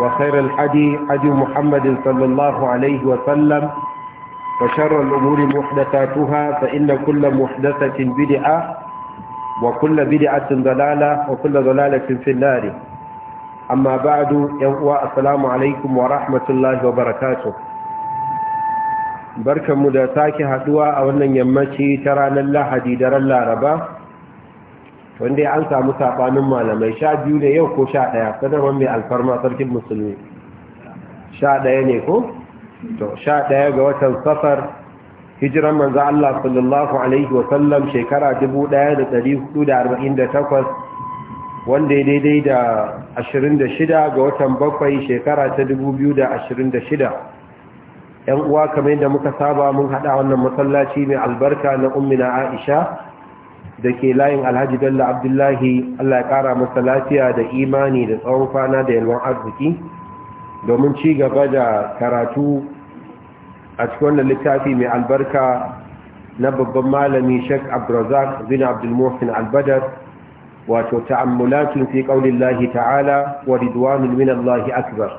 وخير الحدي حدي محمد صلى الله عليه وسلم وشر الأمور محدثاتها فإن كل محدثة بدعة وكل بدعة ضلالة وكل ضلالة في النار أما بعد يوء السلام عليكم ورحمة الله وبركاته بركة مدساك هدوى أولا يمشي ترانا الله حديد رلا رباه wanda ya an samu saɓanin malamai sha biyu ne yau ko sha ɗaya sanarwar mai alfarma sarkin musulmi sha ɗaya ne ko? to sha ɗaya ga watan safar hijiran manza Allah sallallahu Alaihi wasallam shekara 1448 wanda ya daidai da 26 ga watan bakwai shekara ta 2026 ‘yan uwa kamar yadda muka saba mun haɗa wannan masallaci mai albarka na ummina Aisha da ke layin alhaji bello abdullahi allah ya kara masa lafiya da imani da tsawon kwana da yalwan arziki domin ci gaba da karatu a cikin wannan littafi mai albarka na babban malami sheikh abdulrazak bin abdulmuhsin albadar wato ta'ammulatun fi qaulillahi ta'ala wa ridwanun min allahi akbar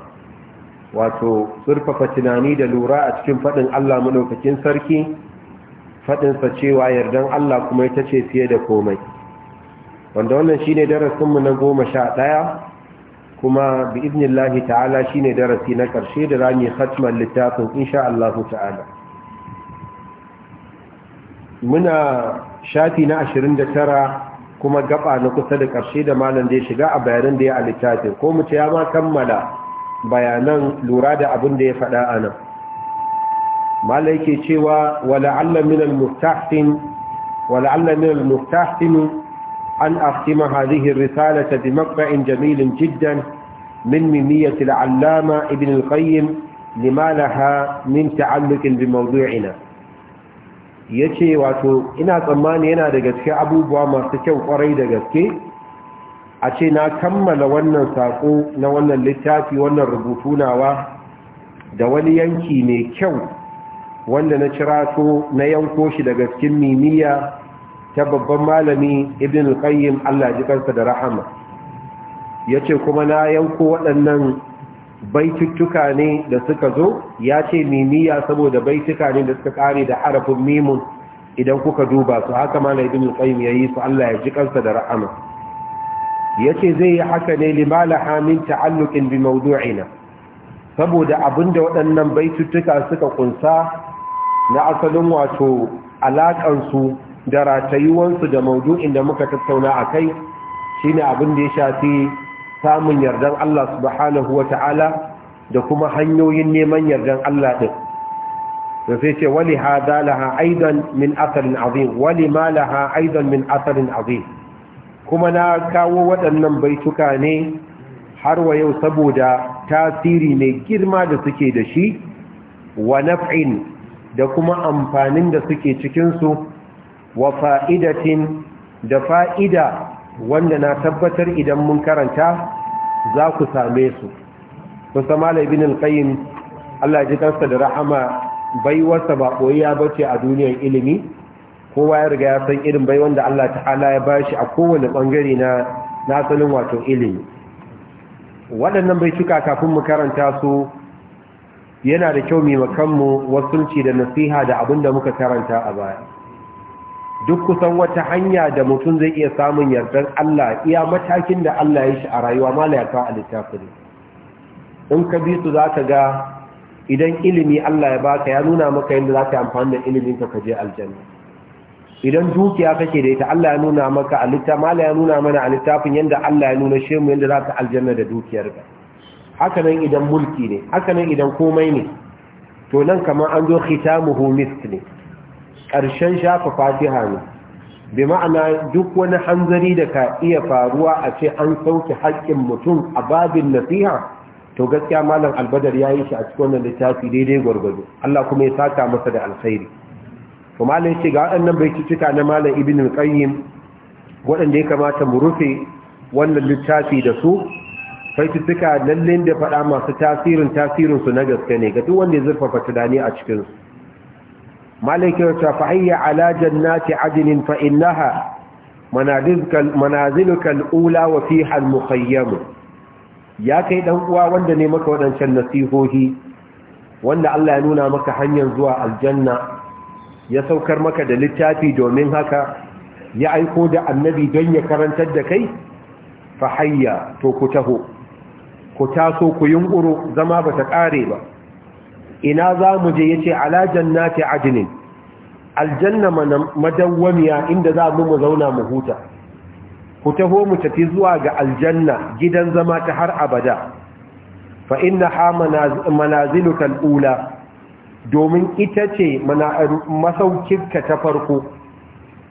wato surfafa tunani da lura a cikin faɗin allah madaukakin sarki faɗinsa cewa yardan Allah kuma ita ce fiye da komai wanda wannan shi ne darasinmu na goma sha ɗaya kuma bi iznillahi ta'ala shine darasi na ƙarshe da rami hatmar littafin insha Allah ta'ala muna shafi na ashirin da kuma gaba na kusa da ƙarshe da malam da ya shiga a bayanan da ya a littafin ko mu ce ya ma kammala bayanan lura da abin da ya faɗa a nan mala ke cewa wala'alla min al wala'alla min al-mustahsin an akhtima hadhihi risala risalata bi maqta'in jamilin jiddan min mimiyati al-allama ibn al-qayyim lima laha min ta'alluqin bi mawdu'ina yace wato ina tsammani yana da gaske abubuwa masu kyau kwarai da gaske a ce na kammala wannan saƙo na wannan littafi wannan rubutunawa da wani yanki mai kyau wanda na kira su na yanko shi daga cikin mimiya ta babban malami ibn al-qayyim Allah Ya kansa da rahama yace kuma na yanko waɗannan baituttuka ne da suka zo yace mimiya saboda baituka ne da suka kare da harafin mimun idan kuka duba su haka malami ibn al-qayyim yayi su Allah ya ji kansa da rahama yace zai yi haka ne limala min ta'alluqin bi mawdu'ina saboda abinda waɗannan baituttuka suka kunsa na asalin wato alaƙarsu da ratayuwansu da maudu'in da muka tattauna a kai shi ne abin da ya shafi samun yardan Allah subhanahu wa ta'ala da kuma hanyoyin neman yardan Allah ɗin da sai ce wali ha laha aidan min asarin azim wali ma laha aidan min asalin azim kuma na kawo waɗannan baituka ne har wa yau saboda tasiri mai girma da suke da shi wa naf'in da kuma amfanin da suke cikinsu wa fa'idatin da fa'ida wanda na tabbatar idan mun karanta za ku same su kusa malabin alƙayin Allah ji da rahama baiwarsa ba ɓoyiya ba ce a duniyar ilimi kowa ya riga ya san irin baiwan da Allah ta'ala ya ba shi a kowane ɓangare na sanin wato ilimi waɗannan bai cika kafin mu karanta su yana da kyau mai makanmu wasulci da nasiha da abin da muka karanta a baya duk kusan wata hanya da mutum zai iya samun yardar Allah iya matakin da Allah ya shi a rayuwa ma ya kawo a littafin in ka bi su za ka ga idan ilimi Allah ya baka ya nuna maka yadda za ka yi amfani da ilimin ka je aljanna idan dukiya kake da ita Allah ya nuna maka a littafin ya nuna mana a littafin yadda Allah ya nuna shemu yadda za ka aljanna da dukiyar ka haka nan idan mulki ne haka nan idan komai ne to nan kamar an zo khitamuhu mist ne ƙarshen shafa fatiha ne bi ma'ana duk wani hanzari da ka iya faruwa a ce an sauke haƙƙin mutum a babin nasiha to gaskiya malam albadar ya yi shi a cikin wannan littafi daidai gwargwado Allah kuma ya saka masa da alkhairi to malam ce ga waɗannan baitittuka na malam ibn qayyim waɗanda ya kamata mu rufe wannan littafi da su baitutuka lalle da faɗa masu tasirin tasirin su na gaske ne ga duk wanda ya zurfafa tunani a cikin su malaka ya ta fahiyya ala jannati adnin fa innaha manazilukal ula wa ya kai ɗan'uwa uwa wanda ne maka waɗancan nasihohi wanda Allah ya nuna maka hanyar zuwa aljanna ya saukar maka da littafi domin haka ya aiko da annabi don ya karantar da kai fahayya to ku taho ku taso ku yunkuru zama ba ta ƙare ba ina za mu je yace ce ala jannati adinin aljanna madawwamiya inda za mu mu zauna mu huta ku taho mu tafi zuwa ga aljanna gidan zama ta har abada fa inna ha manaziluka al'ula domin ita ce masaukinka ta farko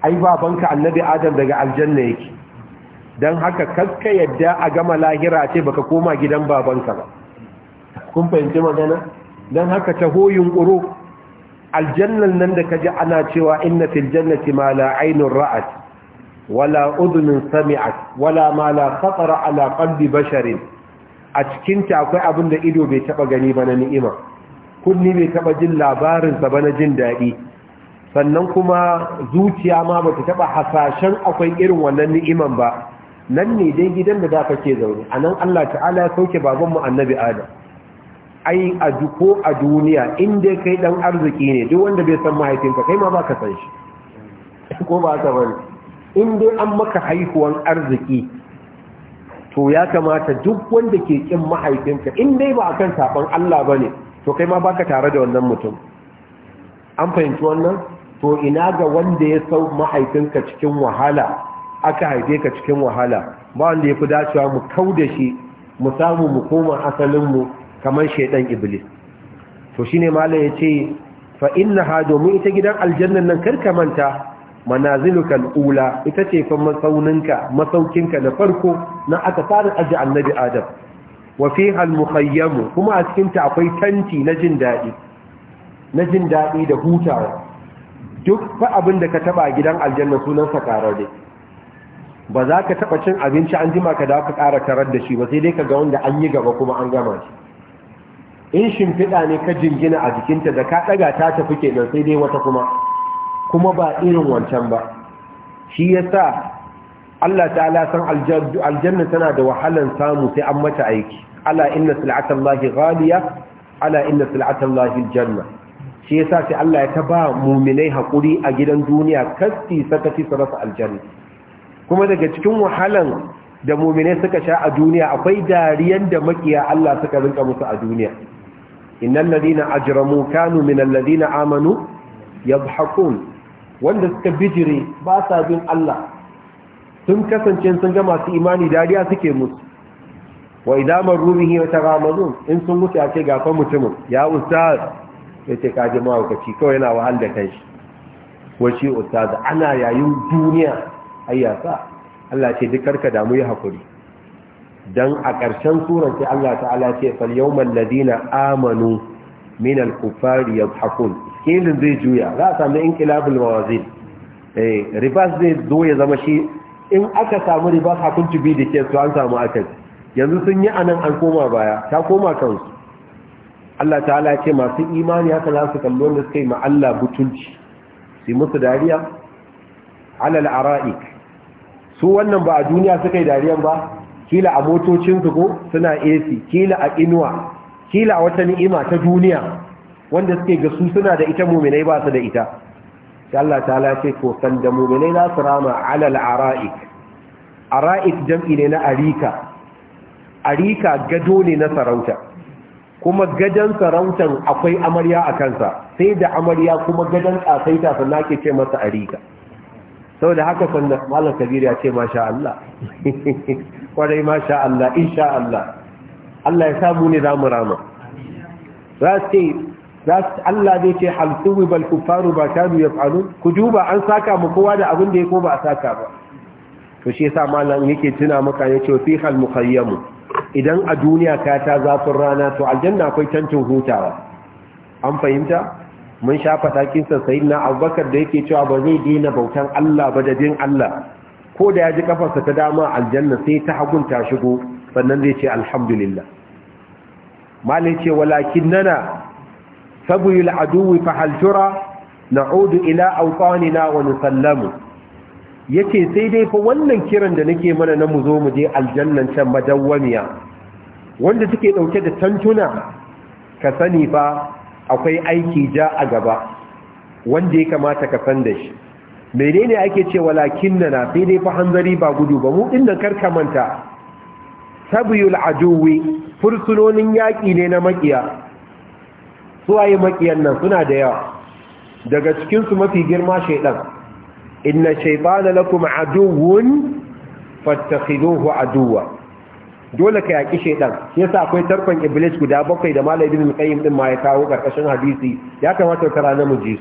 ai babanka annabi adam daga aljanna yake don haka kaska yadda a gama lahira ce baka koma gidan babanka ba kun fahimci magana don haka ta hoyin ƙuro aljannan nan da ka ji ana cewa inna fil jannati ma la ainun ra'at wala udunun sami'at wala ma la khatara ala qalbi basharin a cikin ta akwai abin da ido bai taba gani ba na ni'ima kunni bai taba jin labarin sa ba na jin daɗi sannan kuma zuciya ma bata taba hasashen akwai irin wannan ni'iman ba nan ne dai gidan da da kake zaune a nan Allah ta'ala ya sauke babanmu annabi adam ai a ko a duniya inda kai dan arziki ne duk wanda bai san mahaifinka kai ma ba ka san shi ko ba ka bane in dai an maka haihuwan arziki to ya kamata duk wanda ke kin mahaifinka in dai ba akan saban Allah bane to kai ma ba ka tare da wannan mutum an fahimci wannan to ina ga wanda ya sau mahaifinka cikin wahala aka haife ka cikin wahala ba wanda ya fi dacewa mu kau da shi mu samu mu koma asalinmu kamar shaidan iblis to shi ne malam ya ce fa'in na domin ita gidan aljannan nan karka manta manazilukan ula ita ce fa masauninka masaukinka na farko na aka fara aji annabi adam wa fi halmukhayyamu kuma a cikinta akwai tanti na jin daɗi na jin daɗi da hutawa duk fa abin da ka taɓa gidan aljanna sunan sakararre ba za ka taɓa cin abinci an jima ka da ka ƙara tarar da shi ba sai dai ka ga wanda an yi gaba kuma an gama shi in shimfiɗa ne ka jingina a jikinta da ka ɗaga ta tafi ke nan, sai dai wata kuma kuma ba irin wancan ba shi ya sa Allah ta'ala san aljanna tana da wahalan samu sai an mata aiki ala inna sil'atan lahi ghaliya ala inna sil'atan lahi aljanna shi ya sa sai Allah ya ta ba muminai haƙuri a gidan duniya kasti sakati su rasa aljanna kuma daga cikin wahalan da muminai suka sha a duniya akwai dariyan da makiya Allah suka rinka musu a duniya innal ladina ajramu kanu minal ladina amanu yadhhakun wanda suka bijire ba sa bin Allah sun kasance sun ga masu imani dariya suke musu wa idza marru bihi yataghamazun in sun wuce a ce fa mutumin ya ustaz yace ka ji kaci kawai yana wahal da kai wa shi ustaz ana yayin duniya ayyasa Allah ce duk karka damu ya hakuri dan a ƙarshen suran sai Allah ta'ala ce fal yawmal amanu min al ya haƙun. kelin zai juya za a samu inqilabul mawazin eh, ribas zai zo ya zama shi in aka samu ribas hakun to be da ke an samu akai yanzu sun yi anan an koma baya ta koma kansu Allah ta'ala ce masu imani haka za su kallon da suka yi ma Allah butulci su musu dariya alal ara'ik su wannan ba a duniya suka yi dariyan ba kila a motocinsu ko suna ac kila a inuwa kila a wata ni'ima ta duniya wanda suke ga su suna da ita muminai ba su da ita sai Allah ta'ala ce ko san da muminai na su rama alal ara'ik ara'ik jam'i ne na arika arika gado ne na sarauta kuma gadon sarautan akwai amarya a kansa sai da amarya kuma gadon kasaita sannan ake ce masa arika sau da haka sanda malar kabir ya ce masha Allah kwarai masha Allah insha Allah Allah ya samu ne za mu rama za su ce Allah zai ce halsuwi bal kufaru ba shanu ya faru ku duba an saka mu kowa da abin da ya ko ba a saka ba to shi sa malar yake tuna maka ya ce fi hal mukhayyamu idan a duniya ka ta zafin rana to aljanna akwai tantin hutawa an fahimta mun sha faɗa kinsa na abubakar da yake cewa ba zai daina bautan Allah ba da bin Allah ko da ya ji kafarsa ta dama aljanna sai ta hagun ta shigo sannan zai ce alhamdulillah malai ce walakinnana sabuyul aduwi fa hal na'udu ila awqanina wa nusallamu yace sai dai fa wannan kiran da nake mana na mu zo mu je aljannan can madawwamiya wanda take dauke da tantuna ka sani fa akwai aiki ja a gaba wanda ya kamata ka san da shi menene ake ce walakin na sai dai fa hanzari ba gudu ba mu inda karka manta sabiyul aduwi fursunonin yaƙi ne na makiya suwaye makiyan nan suna da yawa daga cikinsu mafi girma shaidan inna shaitana lakum aduwwun fattakhiduhu aduwa dole ka yaki shaidan shi yasa akwai tarkon iblis guda bakwai da malai ibn qayyim din ma ya kawo karkashin hadisi ya kamata ka rana mu ji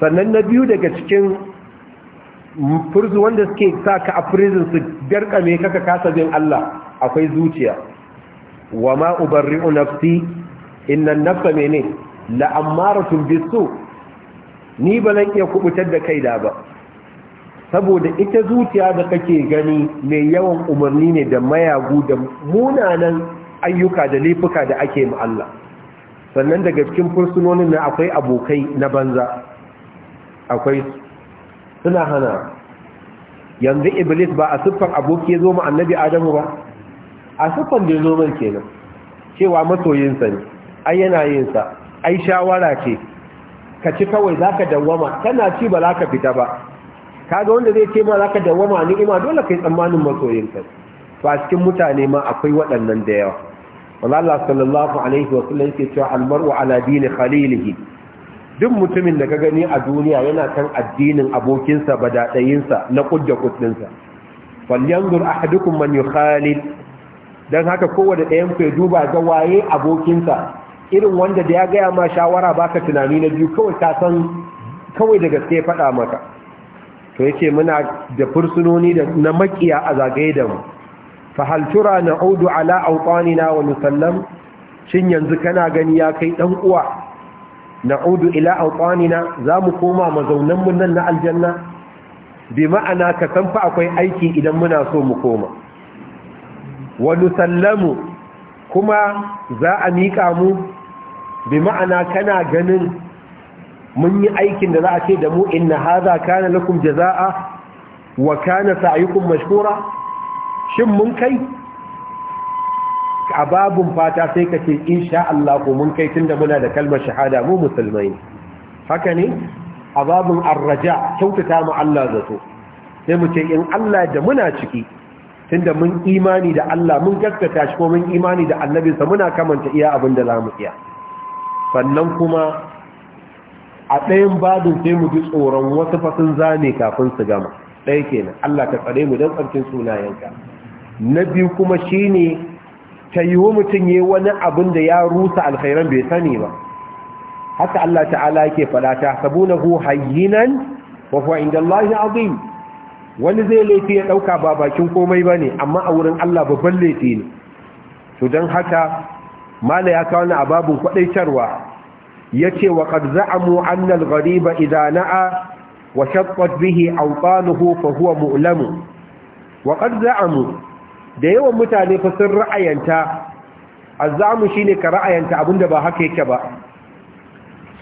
sannan na biyu daga cikin furzu wanda suke sa ka a prison su me kaka kasa bin Allah akwai zuciya wa ma ubarri'u nafsi inna an-nafsa menene la bisu ni ba zan iya kubutar da kai da ba saboda ita zuciya da kake gani mai yawan umarni ne da mayagu da munanan ayyuka da laifuka da ake ma Allah sannan daga cikin fursunonin na akwai abokai na banza akwai suna hana yanzu iblis ba a siffar aboki ya zo ma annabi adamu ba a siffar da ya zo mai kenan cewa masoyinsa ne ai yana yinsa ai shawara ce ka ci kawai za ka dawwama kana ci ba za ka fita ba kaga wanda zai ce ma zaka dawama ni'ima dole kai tsammanin masoyinka ba cikin mutane ma akwai waɗannan da yawa wanda sallallahu alaihi wa sallam yake cewa almar'u ala dini khalilihi duk mutumin da ka gani a duniya yana kan addinin abokinsa badadayinsa na kudda kudinsa falyanzur ahadukum man yukhalil dan haka kowanne ɗayan ku ya duba ga waye abokinsa irin wanda da ya gaya ma shawara baka tunani na biyu kawai ka san kawai da gaske faɗa maka to yace muna da fursunoni da na makiya a zagaye da mu fa hal tura na'udu ala awqanina wa nusallam shin yanzu kana gani ya kai dan uwa na'udu ila awqanina zamu koma mazaunan mu nan na aljanna bi ma'ana ka san fa akwai aiki idan muna so mu koma wa nusallamu kuma za a miƙa mu bi ma'ana kana ganin mun yi aikin da za a ce da mu inna haza kana lakum jaza'a wa kana sa'yukum mashkura shin mun kai a babun fata sai ka ce insha Allah ko mun kai tunda muna da kalmar shahada mu musulmai haka ne a babun arraja kyautata mu Allah zato sai mu ce in Allah da muna ciki tunda mun imani da Allah mun gaskata shi ko mun imani da sa muna kamanta iya abin da za mu iya sannan kuma a ɗayan babin sai mu ji tsoron wasu fasin zane kafin su gama ɗaya kenan Allah ka tsare mu don tsarkin sunayenka na biyu kuma shi ne ta yi wa mutum yi wani abin da ya rusa alkhairan bai sani ba haka Allah ta'ala ke faɗa ta sabu na sabunahu hayyinan wa huwa indallahi azim wani zai laifi ya ɗauka ba bakin komai ba ne amma a wurin Allah babban laifi ne to don haka mala ya kawo na ababin kwaɗaitarwa Ya ce, wa qad za'amu anna al-ghariba idha na'a wa shaqqat bihi awtanuhu fa huwa mu'lamu wa qad za'amu da yawan mutane fa sun ra'ayanta azamu ne ka ra'ayanta abinda ba haka yake ba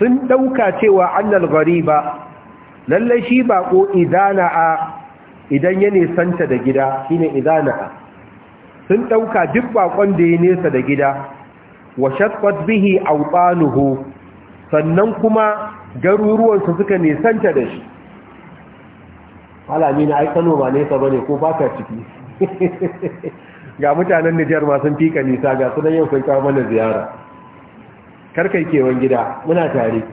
sun dauka cewa annal ghariba lallai shi baƙo idana'a idan ya nesanta da gida shine idana'a sun ɗauka duk baƙon da ya nesa da gida wa shaqqat bihi awtanuhu sannan kuma garuruwansu suka ta da shi alami na kano ba nesa ba ne ko ba ciki ga mutanen nijar masu fika nisa ga sunan yau sun kawo mana ziyara karkai kewan gida muna tare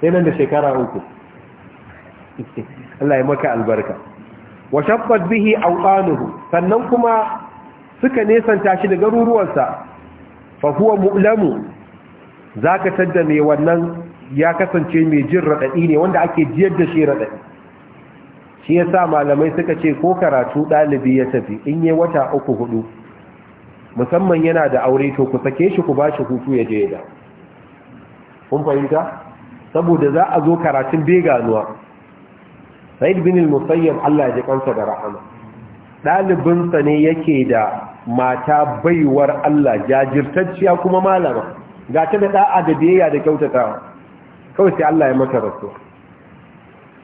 sai nan da shekara uku Allah ya maka albarka wa shabbat bihi awqanuhu sannan kuma suka nesanta shi da garuruwansa fa huwa mu'lamu za ka tadda mai wannan ya kasance mai jin raɗaɗi ne wanda ake jiyar da shi raɗaɗi shi ya sa malamai suka ce ko karatu ɗalibi ya tafi in yi wata uku hudu musamman yana da aure to ku sake shi ku ba shi hutu ya je da kun fahimta saboda za a zo karatun bai ganuwa sai bin al-musayyab Allah ya ji kansa da rahama ɗalibinsa ne yake da mata baiwar Allah jajirtacciya kuma malama ga ta da da'a da biyayya da kyautatawa kawai sai Allah ya mata rasu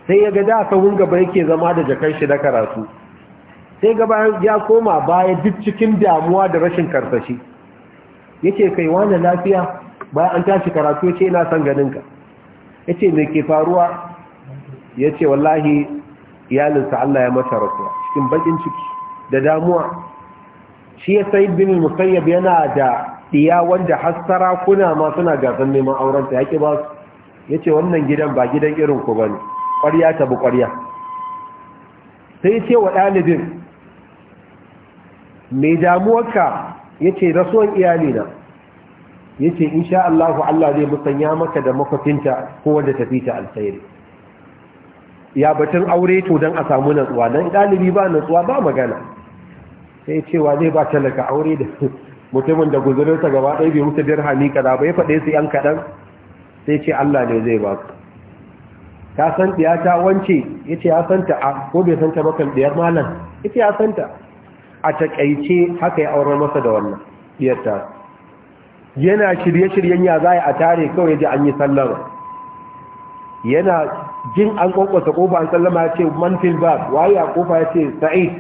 sai ya ga da sahun gaba yake zama da jakar shi da karatu sai gaba ya koma baya duk cikin damuwa da rashin karsashi yake kai wani lafiya baya an tashi karatu ce ina son ganinka Ya ce me ke faruwa Ya ce wallahi iyalinsa Allah ya mata rasuwa cikin bakin ciki da damuwa shi ya sayi bin musayyab yana da diya wanda hassara kuna ma suna gasar neman auren ta yake ba su yace wannan gidan ba gidan irin ku bane ƙwarya ta bu ƙwarya sai ce wa ɗalibin mai damuwarka yace rasuwan iyali na yace insha Allah Allah zai musanya maka da mafafinta ko wanda tafi ta alkhairi ya batun aure to dan a samu natsuwa dan ɗalibi ba natsuwa ba magana sai cewa zai ba talaka aure da mutumin da guzurinsa gaba ɗaya bai wuce dirhami kaza ba ya faɗe su yan kaɗan sai ce Allah ne zai ba su. ka san ta wance ya ce ya ta a ko bai san ta kan ɗiyar malam ya ce ya ta a taƙaice haka ya auren masa da wannan ɗiyar ta yana shirye-shiryen ya za a a tare kawai ji an yi sallama yana jin an kwakwasa kofa an sallama ya ce manfil ba waye a ƙofa ya ce sa'id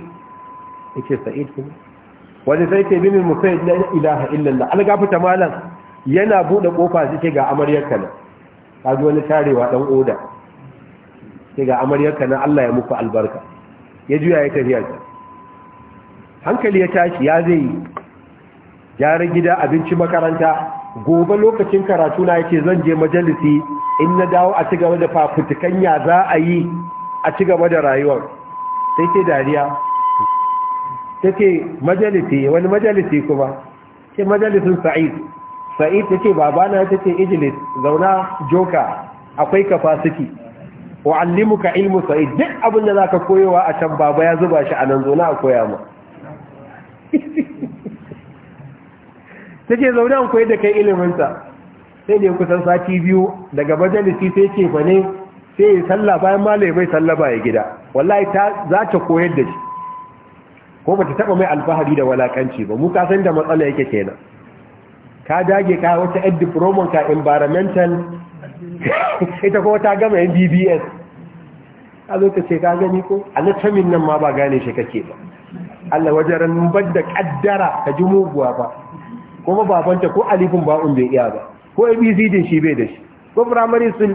ya ce sa'id kuma wani sai ke bin musai na ilaha illallah algafita malam yana bude kofa suke ga amaryar kana kaji wani tarewa dan oda ke ga amaryar kana Allah ya muku albarka ya juya ya tafi hankali ya tashi ya zai gyara gida abinci makaranta gobe lokacin karatu na ce zan je majalisi in na dawo a cigaba da fafutukan za a yi a cigaba da rayuwar sai ce dariya take majalisi wani majalisi kuma ce majalisin sa'id sa'id ta ce babana ta ce ijilis zauna joka akwai kafasiki wa'allimuka ilmu sa'id duk abin da zaka koyewa a can baba ya zuba shi a nan zauna a koya ma ta ce an koyar da kai iliminsa sai ne kusan sati biyu daga majalisi sai ce fa ne sai sallah bayan malamai sallah ba ya gida wallahi za ta koyar da shi ko ba ta taɓa mai alfahari da walakanci ba mu san da matsala yake kenan ka dage ka wata ed diploma ka environmental ita ko ta gama yan bbs a zo ta ce ka gani ko anatomin nan ma ba gane shi kake ba Allah wajen ban da kaddara ka ji muguwa ba kuma babanta ko alifin ba bai iya ba ko abc din shi bai da shi ko primary school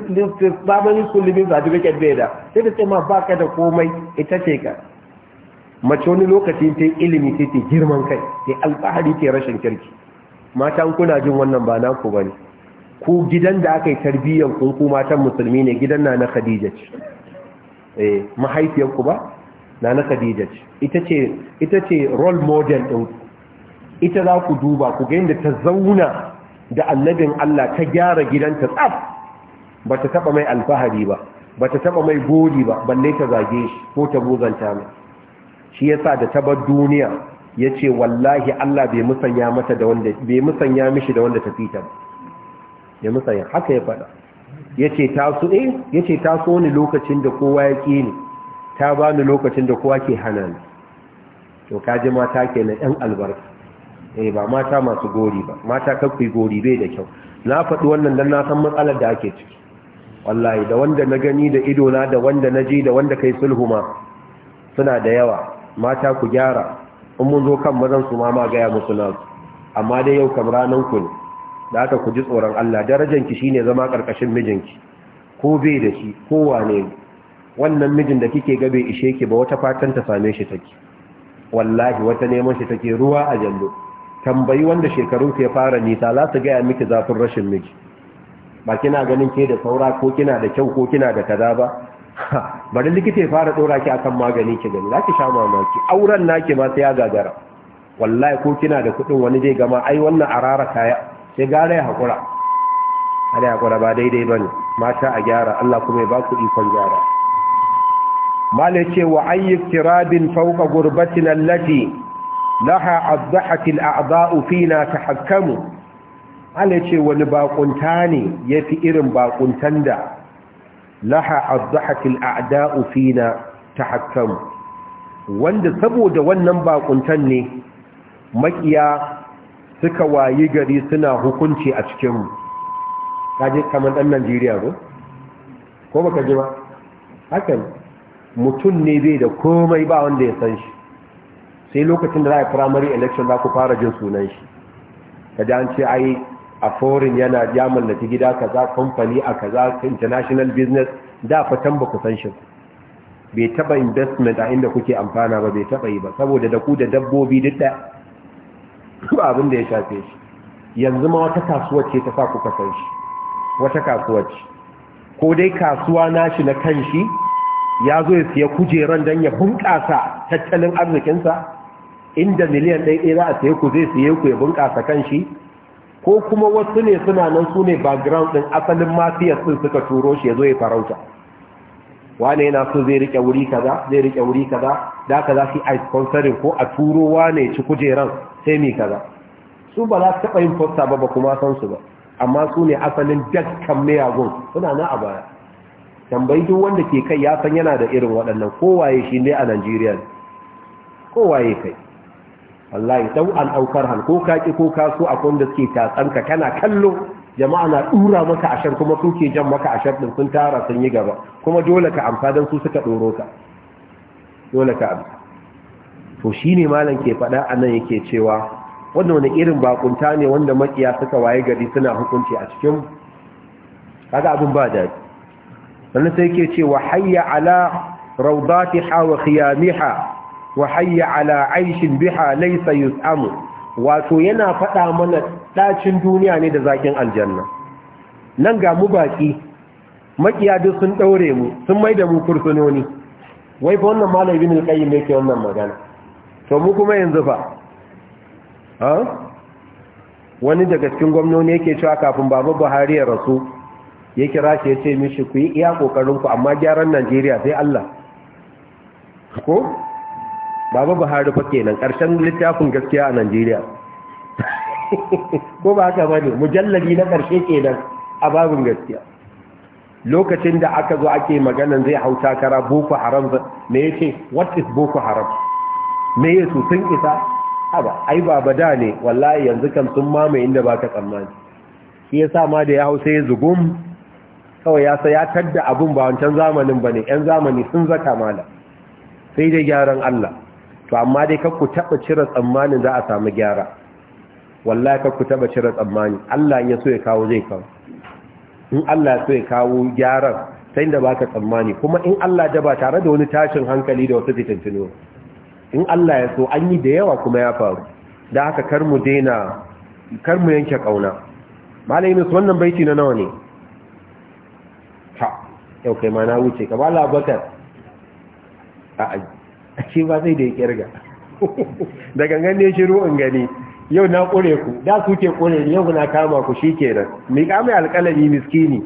primary school living certificate bai da sai da ce ma baka da komai ita ce ka mace wani lokacin ta ilimi ta ta girman kai ta alfahari ta rashin kirki matan kuna jin wannan ba na ku bane ku gidan da aka yi tarbiyyar kun ku matan musulmi ne gidan na na Khadija ce eh mahaifiyar ku ba na na Khadija ita ce ita role model din ita za ku duba ku ga inda ta zauna da annabin Allah ta gyara gidanta tsaf ba ta taba mai alfahari ba ba ta taba mai gori ba balle ta zage shi ko ta buzanta mai shi yasa da ta bar duniya yace wallahi Allah bai musanya mata da wanda bai musanya mishi da wanda ta fita ya musanya haka ya fada yace ta su eh yace ta so ni lokacin da kowa ya ki ni ta ba ni lokacin da kowa ke hana ni to kaji mata kenan ɗan albarka eh ba mata masu gori ba mata kakkui gori bai da kyau na faɗi wannan dan na san matsalar da ake ciki wallahi da wanda na gani da ido na da wanda na ji da wanda kai sulhuma suna da yawa mata ku gyara in mun zo kan mazan su ma ma gaya musu nasu amma dai yau kam ranan ku ne da aka ku ji tsoron Allah darajanki shine zama karkashin mijinki ko bai da shi ko wane wannan mijin da kike gabe ishe ki ba wata fatan ta same shi take wallahi wata neman shi take ruwa a jallo tambayi wanda shekarun ke fara nisa za su gaya miki zafin rashin miji ba kina ganin ke da saura ko kina da kyau ko kina da kaza ba bari likita ya fara dora ki akan magani ki gani zaki sha mamaki auren naki ma sai ya gagara wallahi ko kina da kudin wani zai gama ai wannan arara kaya sai gara ya hakura ala hakura ba daidai bane mata a gyara Allah kuma ya ba ku ikon gyara mala ce wa ayyuk tirabin fawqa gurbatina allati laha azdahat al'a'da'u fina tahakkamu mala ce wani bakunta ne yafi irin bakuntan da laha addahakil a'da'u fina tahakkam wanda saboda wannan bakuntan ne makiya suka wayi gari suna hukunci a cikinmu kaje kamar dan Najeriya ko ko baka ji ba hakan mutum ne bai da komai ba wanda ya san shi sai lokacin da za a primary election za ku fara jin sunan shi kaje an ce ai a foreign yana ya mallaki gida kaza kamfani a za international business da fatan ba ku san shi bai taba investment a inda kuke amfana ba bai taba yi ba saboda da ku da dabbobi duk da ba abin da ya shafe shi yanzu ma wata kasuwa ce ta sa ku san shi wata kasuwa ce ko dai kasuwa nashi na kanshi ya zo ya siya kujeran don ya bunƙasa tattalin arzikinsa inda miliyan ɗaya za a siya ku zai siya ku ya bunƙasa kanshi ko kuma wasu ne suna nan su ne background ɗin asalin mafiyar sun suka turo shi ya zo ya farauta wane yana so zai rike wuri kaza zai rike wuri kaza da ka shi a sponsorin ko a turo wane ci kujeran sai mi kaza su ba za su taɓa yin fosta ba ba kuma san su ba amma su ne asalin dakkan miyagun suna na a baya tambayi duk wanda ke kai ya san yana da irin waɗannan kowaye shi ne a najeriya kowaye kai wallahi dau an aukar han ko ka ki ko ka so akwai da suke ka kana kallo jama'a na dura maka ashar kuma suke jan maka ashar din sun tara sun yi gaba kuma dole ka amsa dan su suka doro ka dole ka amsa to shine malam ke faɗa anan yake cewa wannan wani irin bakunta ne wanda makiya suka waye gari suna hukunci a cikin kaga abin ba da sannan sai yake cewa hayya ala rawdatiha wa khiyamiha wa hayya ala aishin biha laysa yus'amu wato yana faɗa mana ɗacin duniya ne da zakin aljanna nan ga mu baƙi makiya duk sun ɗaure mu sun mai da mu kursunoni wai fa wannan malam ibn al-qayyim yake wannan magana to mu kuma yanzu fa wani daga cikin gwamnoni yake cewa kafin baba Buhari ya rasu ya kira shi ya ce mishi ku yi iya kokarin ku amma gyaran Najeriya sai Allah ko baba buhari fa kenan ƙarshen littafin gaskiya a najeriya ko ba haka ne? mujallabi na ƙarshe kenan a babin gaskiya lokacin da aka zo ake magana zai hau takara boko haram me yace what is boko haram me ya su sun isa haba ai baba da ne wallahi yanzu kan sun mamaye inda ba baka tsammani shi yasa ma da ya hau sai ya zugum kawai ya sa ya tadda abun ba wancan zamanin bane yan zamani sun zaka mala sai dai gyaran Allah to amma dai ku taba cire tsammanin za a samu gyara wallahi kakku taba cire tsammanin. Allah ya so ya kawo zai kawo in Allah so ya kawo gyaran sai inda baka tsammani kuma in Allah da ba tare da wani tashin hankali da wasu fitintino in Allah ya so an yi da yawa kuma ya faru da haka kar mu daina kar mu yanke kauna malai ne wannan baiti na nawa ne ha yau kai ma na wuce ka ba bakar a'a a ce ba zai da ya kirga da gangan ne shiru in gani yau na kure ku da su ke kure yau na kama ku shi kenan mai kame alƙalami miskini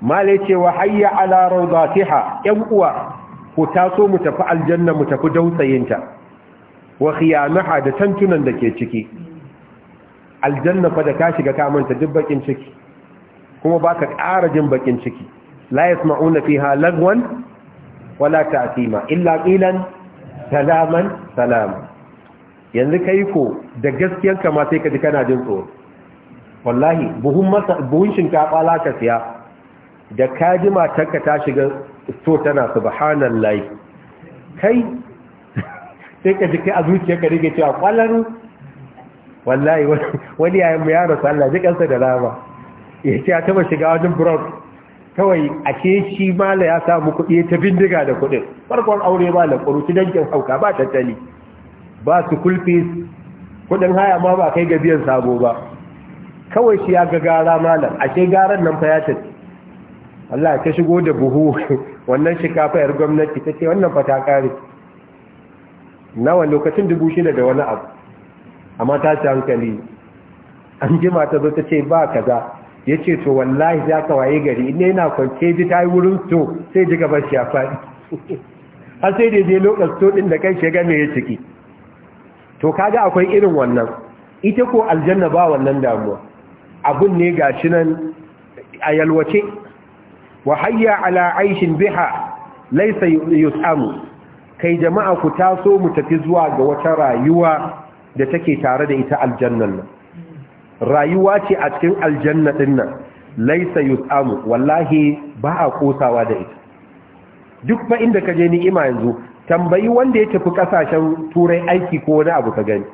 mala ce wa hayya ala rawdatiha yan uwa ku taso mu tafi aljanna mu tafi dautsayinta wa khiyamaha da tantunan da ke ciki aljanna fa da ka shiga ka manta duk bakin ciki kuma baka ƙara jin bakin ciki la yasma'una fiha lagwan wala ta'sima illa qilan salaman salama yanzu kai ko da gaskiyar ka ma sai ka ji kana jin tsoro wallahi buhun masa buhun shinkafa za ka siya da ka ji ta shiga so tana subhanallahi kai sai ka ji kai a zuciyarka ka rige cewa kwalar wallahi wani yayin mu yaro sallah ji kansa da lama ya ce a taba shiga wajen brok kawai ashe shi mala ya samu kuɗi ta bindiga da kuɗin farkon aure ba da ƙuruci dangin hauka ba tattali ba su kulfi kuɗin haya ma ba kai ga biyan sabo ba kawai shi ya ga gara malam ashe garan nan fa ya Allah ta shigo da buhu wannan shikafayar gwamnati ta ce wannan fa ta kare nawa lokacin dubu shida da wani abu amma ta ci hankali an jima ta zo ta ce ba kaza ya ce to wallahi za ka waye gari inda yana kwance ji ta yi wurin to sai ji gabar shi a faɗi har sai da je lokacin to ɗin da kan ya mai ya ciki to kaga akwai irin wannan ita ko aljanna ba wannan damuwa abun ne ga shi nan a yalwace wa hayya ala aishin biha laisa yusamu kai jama'a ku taso mu tafi zuwa ga wata rayuwa da take tare da ita aljannan nan rayuwa ce a cikin aljanna din nan laisa yus'amu wallahi ba a kosawa da ita duk ba inda ka je ni'ima yanzu tambayi wanda ya tafi kasashen turai aiki ko wani abu ka gani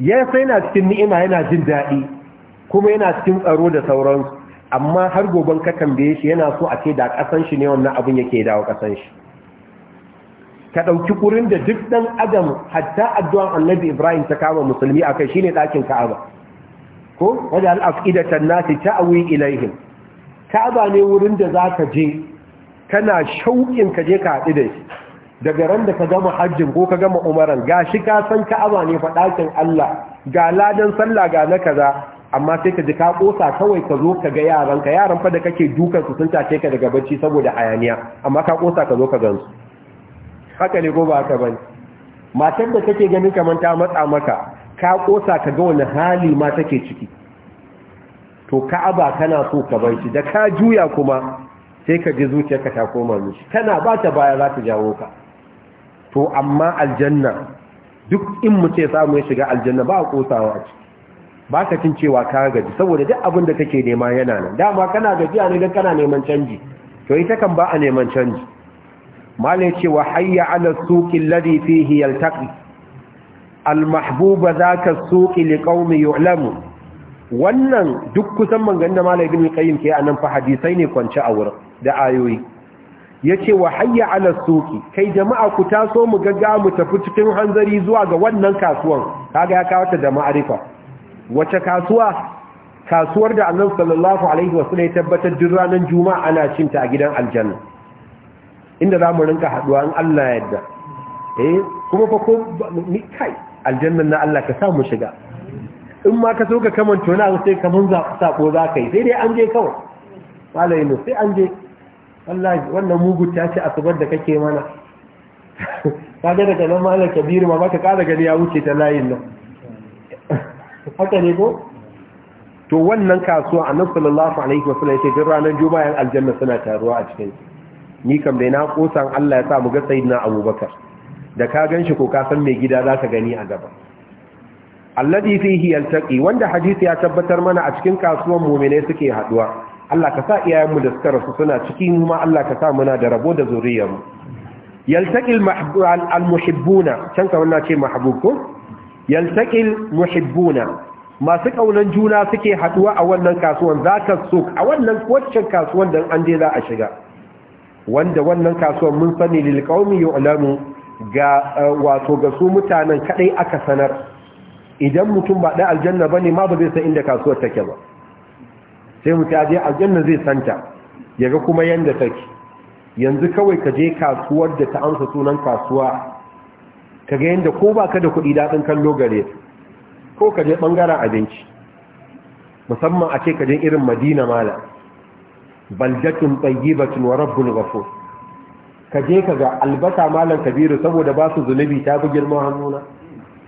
ya sai na cikin ni'ima yana jin daɗi kuma yana cikin tsaro da sauransu amma har goben ka tambaye shi yana so a ce da ƙasan shi ne wannan abin yake dawo ƙasan shi ka ɗauki kurin da duk ɗan adam hatta addu'an annabi ibrahim ta kama musulmi a kai shine ɗakin ka'aba ko wajen al'afidatan nasi ta'awi ilaihin. ka'aba ne wurin da za ka je kana shauƙin ka je ka haɗu da shi daga ran da ka gama hajjin ko ka gama umaran ga shi ka san ka'aba ne faɗakin Allah ga ladan sallah ga na kaza amma sai ka ji ka ƙosa kawai ka zo ka ga yaran ka yaran fa da kake dukan su sun tace ka daga bacci saboda hayaniya amma ka ƙosa ka zo ka gansu haka ne ko ba ka bane matar da kake ganin kamar ta matsa maka ka kosa ka ga wani hali ma take ciki to ka aba kana so ka bar shi da ka juya kuma sai ka ji zuciyarka ta koma mishi kana ba ta baya za ta jawo ka to amma aljanna duk in mu ce samu ya shiga aljanna ba a kosawa a ciki ba ka cin cewa ka gaji saboda duk abin da kake nema yana nan dama kana gajiya ne don kana neman canji to ita kan ba a neman canji malai cewa hayya ala suqil ladhi fihi yaltaqi Almahbuba za zaka suƙi liqaumi yu'lamu wannan duk kusan manganin da malai bin qayyim ke anan fa hadisai ne kwance a wurin da ayoyi yace wa hayya ala suƙi. kai jama'a ku taso mu gaga mu tafi cikin hanzari zuwa ga wannan kasuwan kaga ya kawo ta da ma'arifa wace kasuwa kasuwar da annabi sallallahu alaihi wasallam ya tabbatar duk ranar juma'a ana cin ta a gidan aljanna inda zamu rinka haduwa in Allah ya eh kuma fa ko ni kai aljannan na Allah ka sa mu shiga in ma ka so ka kamanta wani abu sai kaman sako za ka yi sai dai an je kawai malayin ne sai an je wallahi wannan mugu ta ce asubar da kake mana ka ga daga nan Malam kabiru ma baka kara gani ya wuce ta layin nan haka ne ko to wannan kasuwa annabi sallallahu alaihi wa sallam yake jin ranar juma'a aljanna suna taruwa a cikin ni kam dai na kosan Allah ya sa mu ga sayyidina Abubakar da ka gan shi ko ka san mai gida za ka gani a gaba alladhi fihi yaltaqi wanda hadisi ya tabbatar mana a cikin kasuwan mu'mine suke haduwa Allah ka sa iyayenmu da suka rasu suna cikin mu ma Allah ka sa muna da rabo da zuriyarmu yaltaqi almuhibbuna can ka wannan ce mahbub ko yaltaqi Muhibbuna, masu kaunan juna suke haduwa a wannan kasuwan zaka so a wannan waccan kasuwan dan an je za a shiga wanda wannan kasuwan mun sani lil qaumi yu'lamu ga eh, wato ga su mutanen kadai aka sanar idan mutum ba da aljanna bane ma ba zai san inda kasuwar take ba sai mutum je aljanna zai santa yaga kuma yanda take yanzu kawai ka je kasuwar da ta amsa sunan kasuwa kaga yanda ko baka da kuɗi dadin kallo gare ko ka je bangaren abinci musamman a ce ka je irin Madina mala baldatun tayyibatun wa rabbul ghafur ka je ka ga albasa malam kabiru saboda ba su zunubi ta fi girman hannuna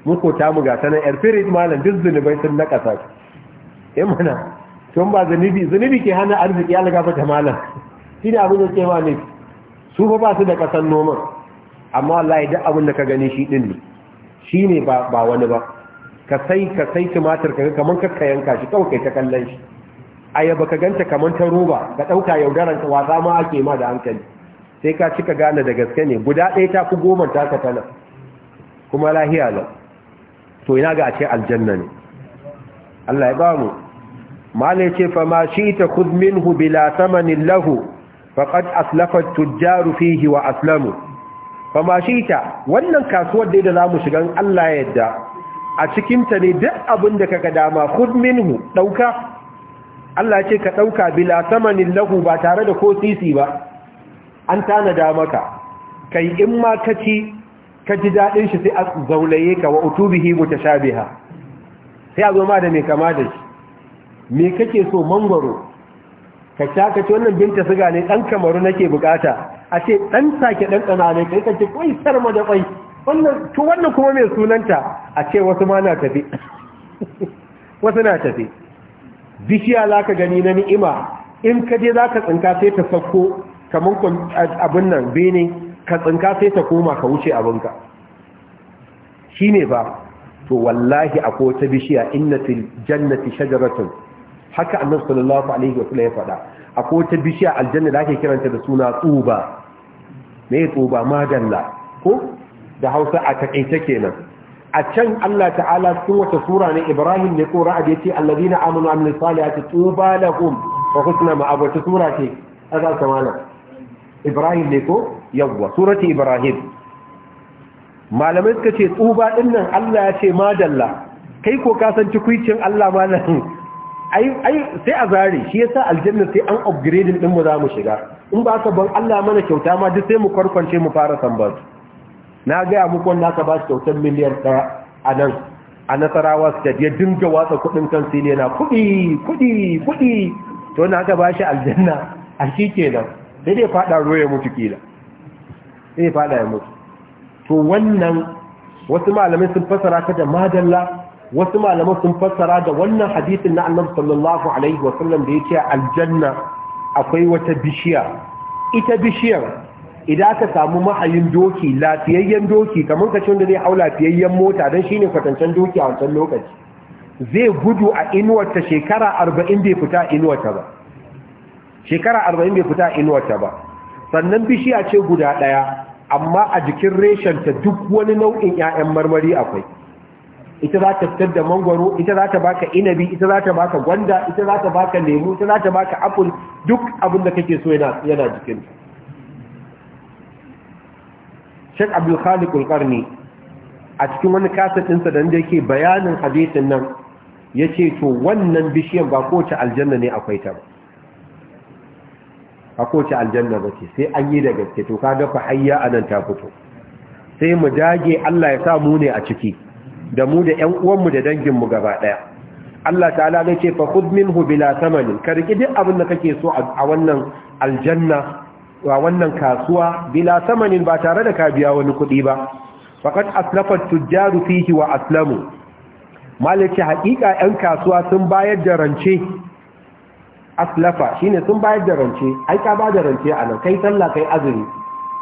muku ta mu gata na erfirit malam duk zunubai sun nakasa su in eh mana tun ba zunubi zunubi ke hana arziki ya lagafa ta malam shi ne abin da ke ma ne su fa ba su da ƙasan noman amma ya duk abin da ka gani shi din ne shi ne ba wani ba ka sai ka sai tumatir ka kamar ka yanka shi kawai kai ta kallon shi ayaba ka ganta kamar ta roba ka ɗauka yaudaran wasa ma ake ma da hankali sai ka cika gane da gaske ne guda ɗaya ta fi goma ta ka tana kuma lahiya lau to ina ga ce aljanna ne Allah ya ba mu malai ce fa ma shi ta kuzminhu bila samanin lahu faqad aslafa tujjaru fihi wa aslamu fa ma shi ta wannan kasuwar da za mu shigan Allah ya yadda a cikinta ne duk abin da kaga dama kuzminhu ɗauka? Allah ce ka ɗauka bila samanin lahu ba tare da ko sisi ba an tanada maka kai in ma ka ci ka ji daɗin shi sai a zaulaye ka wa utubihi mutashabiha sai a zo ma da mai kama da shi me kake so mangwaro ka sha ka ci wannan binta suga ne ɗan kamaru nake bukata a ce ɗan sake ɗan tsana ne kai kace kwai sarma da kwai wannan to wannan kuma mai sunanta a ce wasu ma na tafi wasu na tafi bishiya ka gani na ni'ima in ka je zaka tsinka sai ta sauko kamar abin nan bene ka tsinka sai ta koma ka wuce abinka shi ne ba to wallahi a kowace bishiya innatil jannati shajaratun haka annabi sallallahu alaihi wasallam ya faɗa a kowace bishiya aljanna da ake kiranta da suna tsuba me tsuba madalla ko da Hausa a takaice kenan a can Allah ta'ala cikin wata sura ne Ibrahim ne ko ra'ad yace alladina amanu amil salihati tuba lahum wa husna ma'ab sura ce aka samana ibrahim ne ko yawwa surati ibrahim malamai suka ce tsuba din nan Allah ya ce madalla kai ko ka san Allah malamin ai sai a zare shi yasa aljanna sai an upgrading din mu za mu shiga in ba ka ban Allah mana kyauta ma duk sai mu kwarkwance mu fara sambar na gaya muku wanda aka ba shi kyautar miliyan 1 a nan a nasarawa state ya dinga watsa kuɗin kan sile na kuɗi kuɗi kudi to na ka ba shi aljanna a shi kenan sai dai fada ruwa ya mutu kila sai fada ya mutu to wannan wasu malamai sun fassara ta da madalla wasu malamai sun fassara da wannan hadisin na annabi sallallahu alaihi wa sallam da yake aljanna akwai wata bishiya ita bishiyar idan aka samu mahayin doki lafiyayyen doki kamar kace wanda zai hau lafiyayyen mota dan shine kwatancen doki a wancan lokaci zai gudu a inuwarta shekara arba'in bai fita inuwarta ba shekara arba'in bai fita a ta ba sannan bishiya ce guda ɗaya amma a jikin reshen ta duk wani nau'in 'ya'yan marmari akwai ita za ta fitar da mangwaro ita za ta baka inabi ita za ta baka gwanda ita za ta baka lemu ita za ta baka apple duk abin da kake so yana jikin shek abu khalid a cikin wani kasatinsa da da yake bayanin hadisin nan ya ce to wannan bishiyar ba kowace aljanna ne akwai ta ba a kowace aljanna ba ce sai an yi da gaske to ka ga fa hayya anan ta fito sai mu dage Allah ya sa mu ne a ciki da mu da ƴan uwanmu da danginmu gaba ɗaya Allah ta'ala zai ce fa khudh minhu bila ka riki duk abin da kake so a wannan aljanna a wannan kasuwa bila thamanin ba tare da ka biya wani kuɗi ba faqad aslafa tujjaru fihi wa aslamu malaki haƙiƙa ƴan kasuwa sun bayar da rance aslafa shine sun bayar da rance ai ka ba da rance a nan kai sallah kai azumi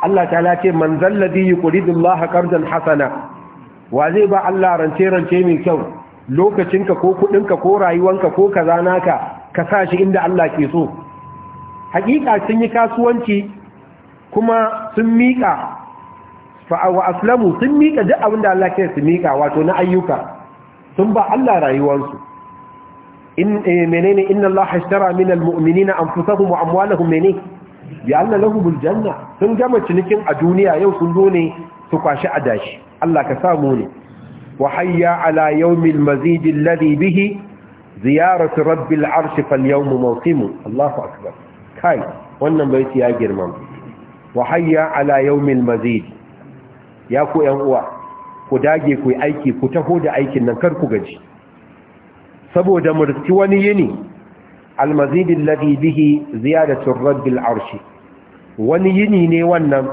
Allah ta ce man zalladhi yuridu Allah qardan hasana wa zai ba Allah rance rance mai kyau lokacinka ko kudinka ko rayuwanka ko kaza naka ka sa shi inda Allah ke so hakika sun yi kasuwanci kuma sun miƙa wa aslamu sun miƙa duk abin da Allah ke su miƙa wato na ayyuka sun ba Allah rayuwarsu in menene inna Allah hashtara min almu'minina anfusahum wa amwalahum menene bi anna janna sun gama cinikin a duniya yau sun zo ne su kwashi adashi Allah ka samu ne wa hayya ala yawmil mazid alladhi bihi rabbil arsh fal yawm mawqimu Allahu akbar kai wannan baiti ya girman wa hayya ala yawmil mazid ya ku yan uwa ku dage ku yi aiki ku taho da aikin nan kar ku gaji saboda murci wani yini almazidin ladhi bihi ziyadatur rabbil arshi wani yini ne wannan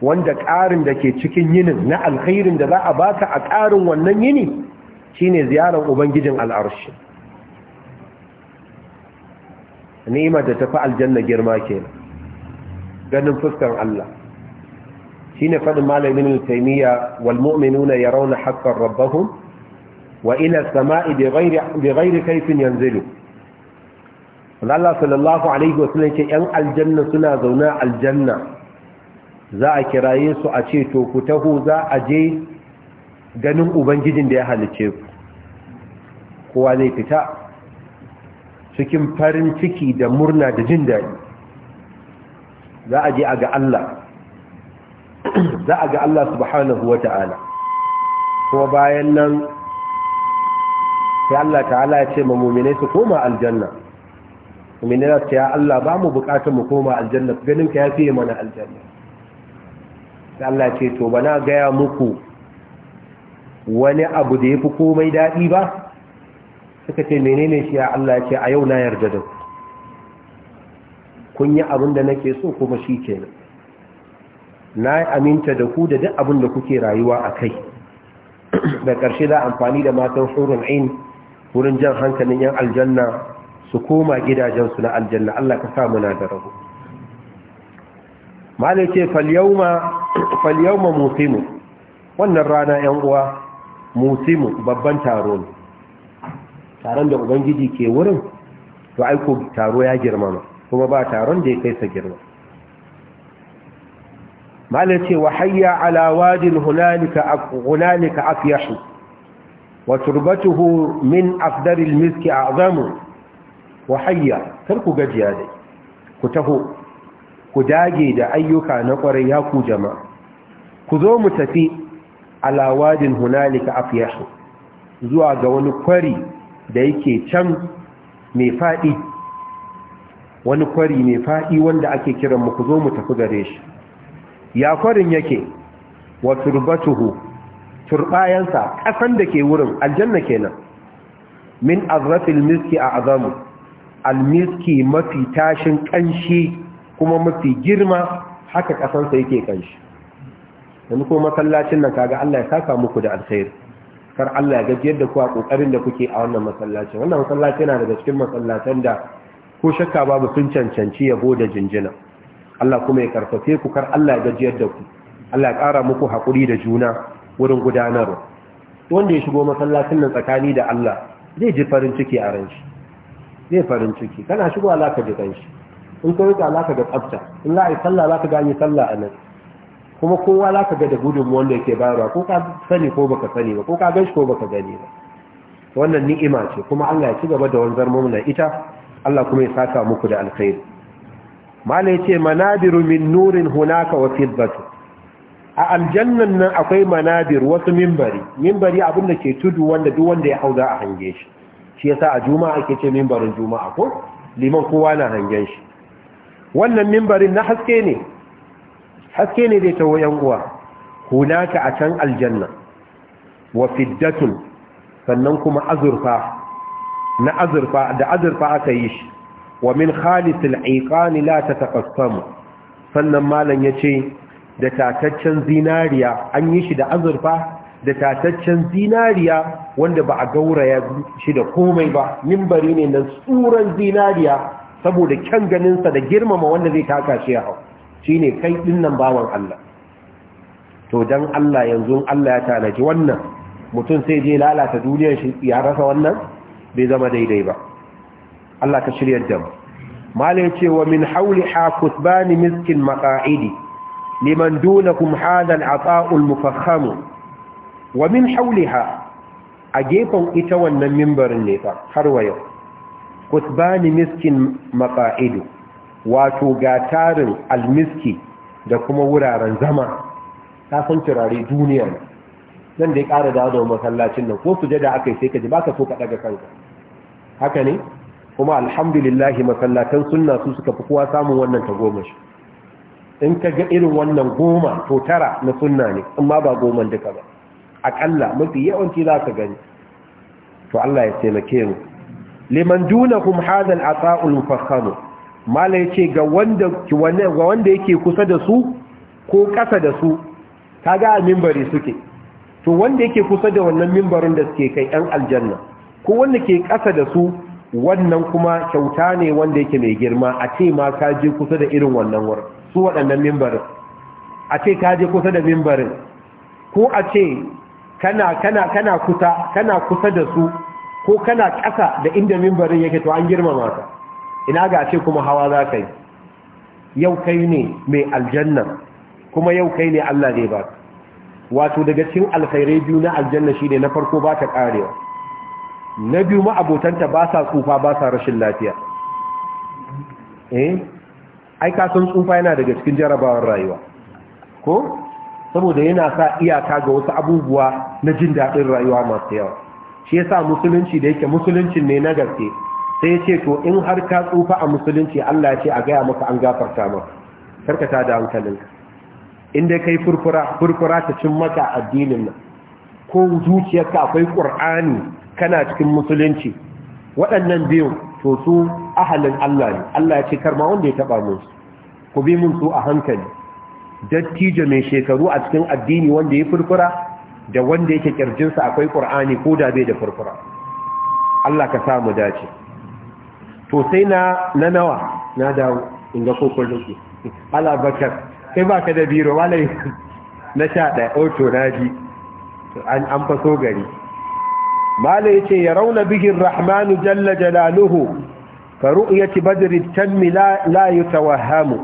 wanda ƙarin da ke cikin yinin na alkhairin da za a baka a ƙarin wannan yini shine ziyarar ubangijin al'arshi ni'imar da tafi aljanna girma kenan ganin fuskar Allah shine faɗin malamin al-taymiya wal mu'minuna yarawna haqqan rabbahum wa ila sama'i bi ghairi kaifin yanzilu Allah sallallahu alaihi sallam ce yan aljanna suna zauna aljanna za a kiraye su a ce to ku taho za a je ganin ubangijin da ya halice ku kowa zai fita cikin farin ciki da murna da jin daɗi za a je a ga Allah za a ga Allah subhanahu wa ta'ala kuma bayan nan sai Allah ta'ala ya ce ma mu'minai su koma aljanna mu'minai za su ya Allah ba mu bukatar mu koma aljanna ganin ka fiye mana aljanna sai Allah ce to bana gaya muku wani abu da ya fi komai daɗi ba suka ce menene shi ya Allah ce a yau na yarda da kun yi abin da nake so kuma shi nan? na aminta da ku da duk abin da kuke rayuwa a kai da ƙarshe za amfani da matan hurun ain wurin jan hankalin yan aljanna su koma gidajensu na aljanna Allah ka sa muna da rabo malai ce Falyauma musimu wannan rana yan uwa musimu babban taro ne taron da ubangiji ke wurin to aiko taro ya girmama kuma ba taron da ya kai sa girma malai ce wa hayya ala wadin hunalika afyahu wa turbatuhu min afdaril miski azamu wa hayya kar ku gajiya dai ku taho ku dage da ayyuka na kwarai ya ku jama'a ku zo mu tafi alawadin hunalika afyahu zuwa ga wani kwari da yake can mai faɗi wani kwari mai faɗi wanda ake kiran mu ku zo mu tafi gare shi ya kwarin yake wa turbatuhu turbayansa kasan da ke wurin aljanna kenan min azrafil miski a azamu almiski mafi tashin kanshi kuma mafi girma haka kasansa yake kanshi yanzu kuma masallacin nan kaga Allah ya saka muku da alkhair kar Allah ya gajiyar da ku a kokarin da kuke a wannan masallacin wannan masallaci yana daga cikin masallatan da ko shakka babu sun cancanci yabo da jinjina Allah kuma ya karfafe ku kar Allah ya gajiyar da ku Allah ya ƙara muku hakuri da juna wurin gudanarwa wanda ya shigo masallacin nan tsakani da Allah zai ji farin ciki a ran zai farin ciki kana shigo alaka ji kan shi in ka rika alaka ga tsafta in za a yi sallah alaka ga sallah a nan kuma kowa alaka ga da gudun wanda yake bayarwa ko ka sani ko baka sani ba ko ka ganshi ko baka gani ba wannan ni'ima ce kuma Allah ya ci gaba da wanzar mu na ita Allah kuma ya saka muku da alkhairi mala yace manabiru min nurin hunaka wa fiddatu a aljannan nan akwai manabir wasu mimbari mimbari abinda ke tudu wanda duk wanda ya hau za a hange shi shi yasa a juma'a ake ce mimbarin juma'a ko liman kowa na hangen shi wannan mimbarin na haske ne haske ne da tawo yan uwa hunaka a can aljanna wa fiddatun sannan kuma azurfa na azurfa da azurfa aka yi shi wa min khalisil iqani la tataqassamu sannan malan yace da tataccen zinariya an yi shi da azurfa da tataccen zinariya wanda ba a gauraya shi da komai ba mimbari ne na tsuran zinariya saboda kyan ganinsa da girmama wanda zai taka shi ya hau shi ne kai ɗinnan bawan Allah to don Allah yanzu Allah ya tanaji wannan mutum sai je lalata duniyar shi ya rasa wannan bai zama daidai ba Allah ka shirya da mu Malam Cewa min hauli ha kusbani miskin maka'idi liman dunakum hadal ata'ul mufahhamu wa min hawliha a gefen ita wannan mimbarin ne fa har wa yau kusbani miskin maqa'idu wato ga tarin almiski da kuma wuraren zama ta san turare duniya nan da ya ƙara da da masallacin nan ko sujada aka yi sai ka ji ba ka so ka ɗaga kanka haka ne kuma alhamdulillahi masallatan sunna su suka fi kowa samun wannan tagomashi in ka ga irin wannan goma to tara na sunna ne amma ba goman duka ba akalla mafi yawanci za ka gani to Allah ya taimake mu liman dunahum hadha hadal a al-mufakhkham mala yace ga wanda ga wanda yake kusa da su ko kasa da su kaga a minbari suke to wanda yake kusa da wannan minbarin da suke kai ɗan aljanna ko wanda ke kasa da su wannan kuma kyauta ne wanda yake mai girma a ce ma ka je kusa da irin wannan wurin su waɗannan mimbarin a ce ka je kusa da mimbarin ko a ce kana kusa da su ko kana ƙasa da inda mimbarin yake to an girmama ka ina ga ce kuma hawa za ka yi yau kai ne mai aljanna kuma yau kai ne Allah ne ba wato daga cikin alkhairai biyu na aljanna shi ne na farko ba ta karewa na biyu ma abotanta ba sa tsufa ba sa rashin lafiya eh ai ka san tsufa yana daga cikin jarabawar rayuwa ko saboda yana sa iyaka ga wasu abubuwa na jin daɗin rayuwa masu yawa shi ya sa musulunci da yake musuluncin ne na gaske sai ya ce to in har ka tsufa a musulunci Allah ya ce a gaya maka an gafarta maka karkata da hankalinka inda kai furfura furfura ta cin maka addinin nan ko zuciyarka akwai qur'ani kana cikin musulunci waɗannan biyu to su ahalin Allah ne Allah ya ce karma wanda ya taba mun ku bi mun su a hankali dattijo mai shekaru a cikin addini wanda ya furfura da wanda yake kirjinsa akwai Qur'ani ko da bai da furfura Allah ka samu dace to sai na na nawa na dawo in ga kokon ku. ala bakar kai baka da biro walai na sha ɗaya oto na ji an faso gari mala yace ya rauna bihin rahmanu jalla jalaluhu ka ru'yati badri tammi la yatawahhamu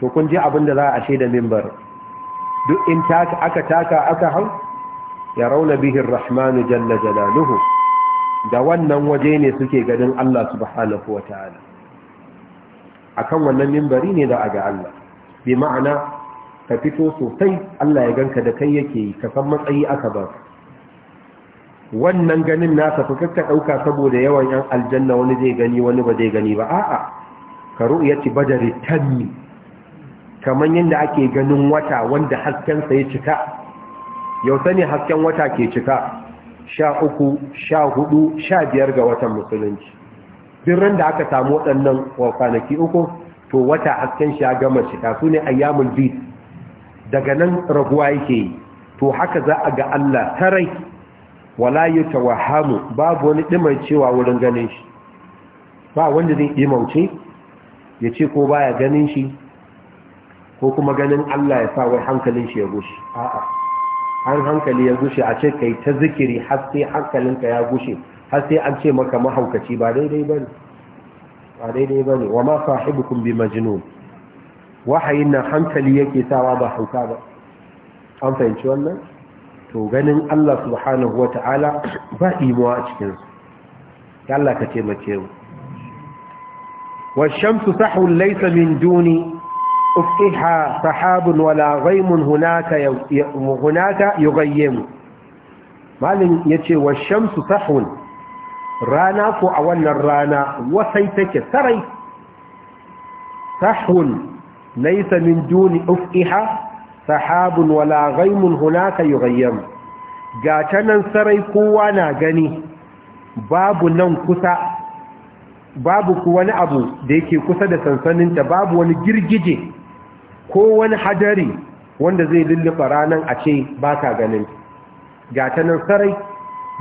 to kun ji abinda za a shaida minbar duk in taka aka taka aka hau Ya rauna bihin rahmanu jalla jalaluhu da wannan waje ne suke ganin Allah subhanahu wa ta'ala a kan wannan mimbari ne da a ga Allah bi ma'ana ka fito sosai Allah ya ganka da kai yake yi ka san matsayi aka ba wannan ganin nasa fa kakka dauka saboda yawan yan aljanna wani zai gani wani ba zai gani ba a'a ka ru'yati badari tanni kaman yanda ake ganin wata wanda hasken sa ya cika yau sani hasken wata ke cika 13 sha biyar ga watan musulunci birran da aka samu waɗannan kwanaki uku to wata hasken shi ya gama cika su ne ayyamul bid daga nan raguwa yake yi to haka za a ga Allah tarai wala wahamu babu wani dimancewa cewa wurin ganin shi ba wanda zai dimance ya ce ko baya ganin shi ko kuma ganin Allah ya sa wai hankalin shi ya gushi a'a an hankali ya gushe a ce kai ta zikiri har sai hankalinka ya gushe har sai an ce maka mahaukaci ba daidai bane ba daidai bane wa ma sahibukum bi majnun wahayin nan hankali yake sawa ba hauka ba an fahimci wannan to ganin Allah subhanahu wa ta’ala ba imuwa a cikinsu, ya Allah ka taimake mu. Washen su sahun laisa min duni, ufiha sahabin wa lagaimun hunaka yi gayye mu. Malin ya ce, sahun rana ko a wannan rana wasai take sarai, sahun laisa min duni ufiha sahabun wala ghaimun hunaka yughayyaru ga ta nan sarai kowa na gani babu nan kusa babu wani abu da yake kusa da sansaninta babu wani girgije ko wani hadari wanda zai lullufa ranar a ce ba ka ganin ga ta nan sarai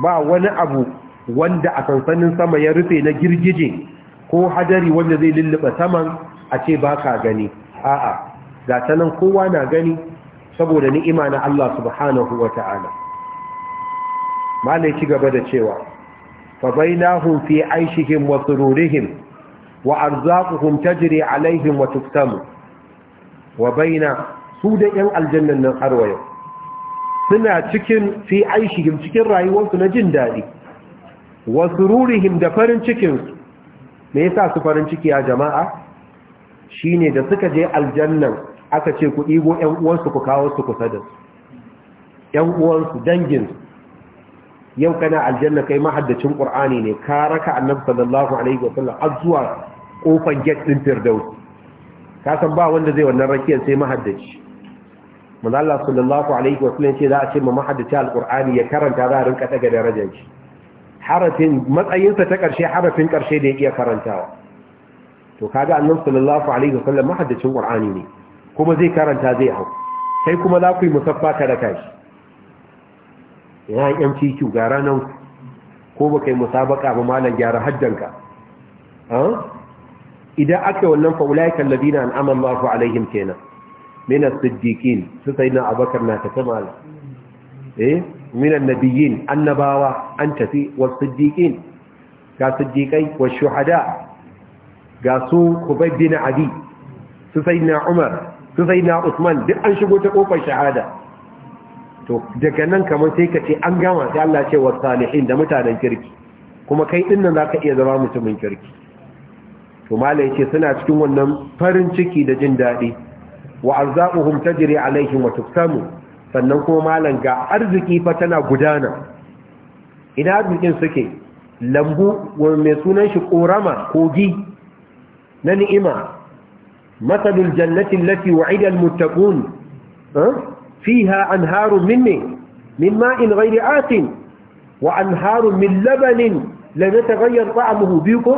ba wani abu wanda a sansanin sama ya rufe na girgije ko hadari wanda zai lullufa saman a ce ba ka gani a'a ga nan kowa na gani saboda ni'ima na Allah subhanahu wa ta'ala malai ci gaba da cewa fa fi aishihim wa sururihim wa arzaquhum tajri alaihim wa tuktamu wa baina su da yan aljannan nan har wayo suna cikin fi aishihim cikin rayuwarsu na jin dadi wa sururihim da farin cikinsu me yasa su farin ciki a jama'a shine da suka je aljannan aka ce ku ɗigo ‘yan uwansu ku kawo su kusa da su ‘yan uwansu danginsu yau kana aljanna kai mahaddacin ƙur'ani ne ka raka annabi sallallahu alaihi wa sallam har zuwa kofan gate ɗin firdaus ka san ba wanda zai wannan rakiyar sai mahaddaci manzo Allah sallallahu alaihi wa sallam ce za a ce ma mahaddaci alqur'ani ya karanta za a rinka daga darajar shi harafin matsayinsa ta karshe harafin karshe da ya iya karantawa to ka ga annabi sallallahu alaihi wa sallam mahaddacin ƙur'ani ne kuma zai karanta zai hau sai kuma za ku yi musaffa ta da kashi ya yi mcq ga ranar ko ba kai musabaka ba malam gyara hajjanka idan aka yi wannan fa'ulaikan ladina an aman mafi alaihim kenan minas siddiqin su sai na abakar na ta kamala eh minan nabiyyin annabawa an tafi wa siddiqin ga siddiqai wa shuhada ga su kubai bin abi su sai na umar su sai na usman duk an shigo ta kofar shahada to daga nan kamar sai ka ce an gama sai Allah ce wa salihin da mutanen kirki kuma kai din nan zaka iya zama mutumin kirki to malai ce suna cikin wannan farin ciki da jin dadi wa arzaquhum tajri alaihim wa tuksamu sannan kuma malan ga arziki fa tana gudana ina arzikin suke lambu mai sunan shi ƙorama, kogi na ni'ima مثل الجنة التي وعد المتقون فيها أنهار مني من ماء غير آت وأنهار من لبن لم يتغير طعمه بيكو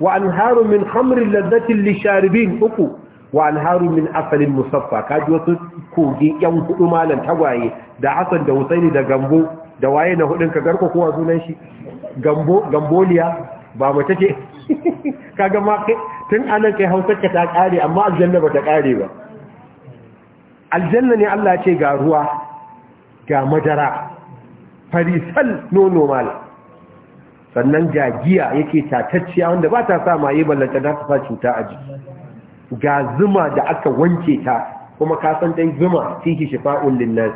وأنهار من خمر لذة للشاربين أكو وأنهار من عسل مصفى كاد wasu كوكي yan hudu malam دا عسل Hassan دا Husaini da Gambo da waye na hudun ba mace ce kaga ma tun anan kai hausar ka ta kare amma aljanna ba ta kare ba aljanna ne Allah ce ga ruwa ga madara farisal no normal, sannan ga giya yake tatacciya wanda ba ta sa maye ballanta da ta sa cuta a jiki ga zuma da aka wanke ta kuma ka san dai zuma fihi shifa'un linnas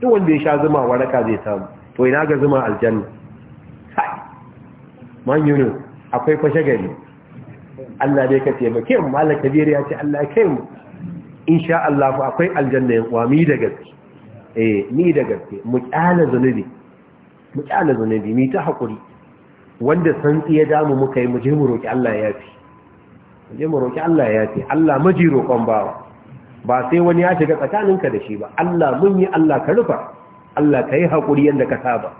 duk wanda ya sha zuma waraka zai samu to ina ga zuma aljanna man akwai kwashe gari Allah dai ka ba ke mallan kabir ya ce Allah kai mu insha Allah fa akwai aljanna yan kwami da gaske eh ni da gaske mu kyala zunubi mu kyala zunubi mi ta hakuri wanda tsiye da damu muka yi mu je mu roki Allah ya fi mu je mu roki Allah ya fi Allah maji roƙon bawa ba sai wani ya shiga tsakaninka da shi ba Allah mun yi Allah ka rufa Allah ka yi hakuri yadda ka saba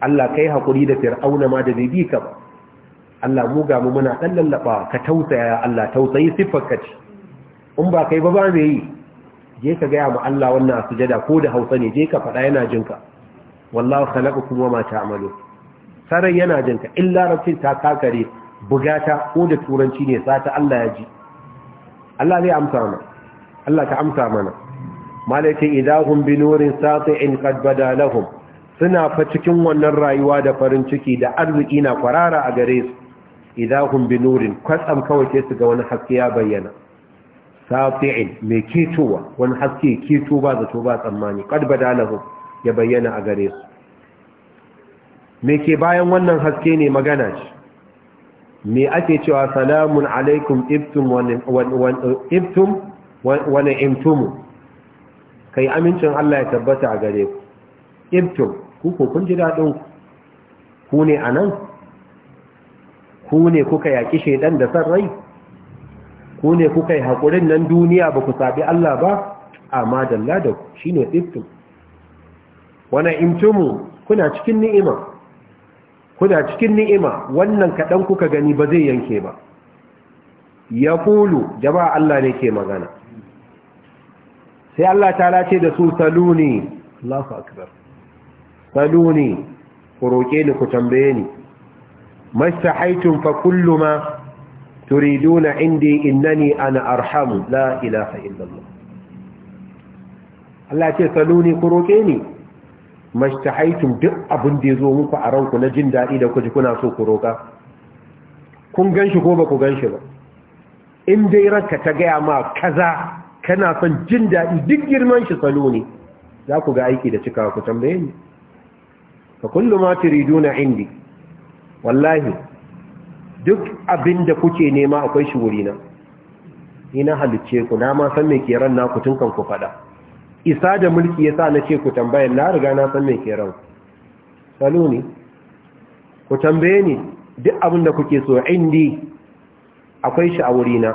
Allah kai hakuri da fir'auna ma da bai bi ka ba Allah mu ga mu muna ɗan lallaɓa. ka tausaya ya Allah tausayi siffar ka ce in ba kai ba ba me yi je ka gaya ma Allah wannan sujada ko da Hausa ne je ka faɗa yana jinka wallahu khalaqakum wama ta'malu sarai yana jinka illa rabbin ta kakare bugata ko da turanci ne sata Allah ya ji Allah zai amsa mana Allah ka amsa mana malaka idahum bi nurin in qad bada lahum suna fa cikin wannan rayuwa da farin ciki da arziki na kwarara a gare su idahun bi nurin kwatsam kawai ke su ga wani haske ya bayyana safi'in mai ketowa wani haske keto ba zato ba tsammani da badalahu ya bayyana a gare su me ke bayan wannan haske ne magana ce me ake cewa salamun alaikum ibtum wani ni'imtum kai amincin Allah ya tabbata a gare ku ibtum ku ko kun ji daɗin ku ne a nan ku ne kuka yaƙi shaidan da san rai ku ne kuka yi haƙurin nan duniya ba ku saɓi Allah ba amma dalla da ku shi ne tsiftin wani imtumu kuna cikin ni'ima kuna cikin ni'ima wannan kaɗan kuka gani ba zai yanke ba ya kulu jama'a Allah ne ke magana sai Allah ta lace da su saluni Allahu akbar saluni ku roƙe ni ku tambaye ni haitun fa kullu ma turiduna indi innani ana arhamu la ilaha illallah Allah ce saluni ku roƙe ni haitun duk abin da ya zo muku a ranku na jin daɗi da kuji kuna so ku roƙa kun ganshi ko ba ku gan ba in dai ranka ta gaya ma kaza kana son jin daɗi duk girman shi saluni. za ku ga aiki da cika ku tambaye ni fa kullum ma turiduna indi wallahi duk abinda kuke nema akwai shi wurina Ina halicce ku na ma san me ke ran naku tun kan ku fada isa da mulki yasa na ce ku tambaye na riga na san me ke ran ne. ku tambaye ni duk abinda kuke so indi akwai shi a wurina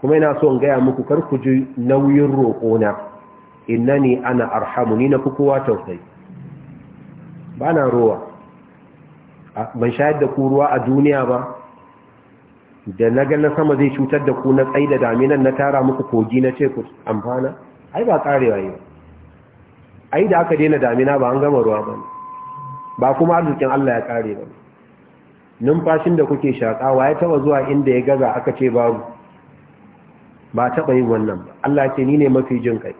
kuma ina so in gaya muku kar ku ji nauyin roƙona innani ana arhamu ni na fi kowa tausayi ba na ruwa ban shayar da ku ruwa a duniya ba da na na sama zai cutar da ku na tsaye da daminan na tara muku kogi na ce ku amfana ai ba karewa yi ai da aka daina damina ba an gama ruwa ba ba kuma arzikin Allah ya kare ba numfashin da kuke wa ya taba zuwa inda ya gaza aka ce babu ba taba yin wannan ba Allah ce ni ne mafi jin kai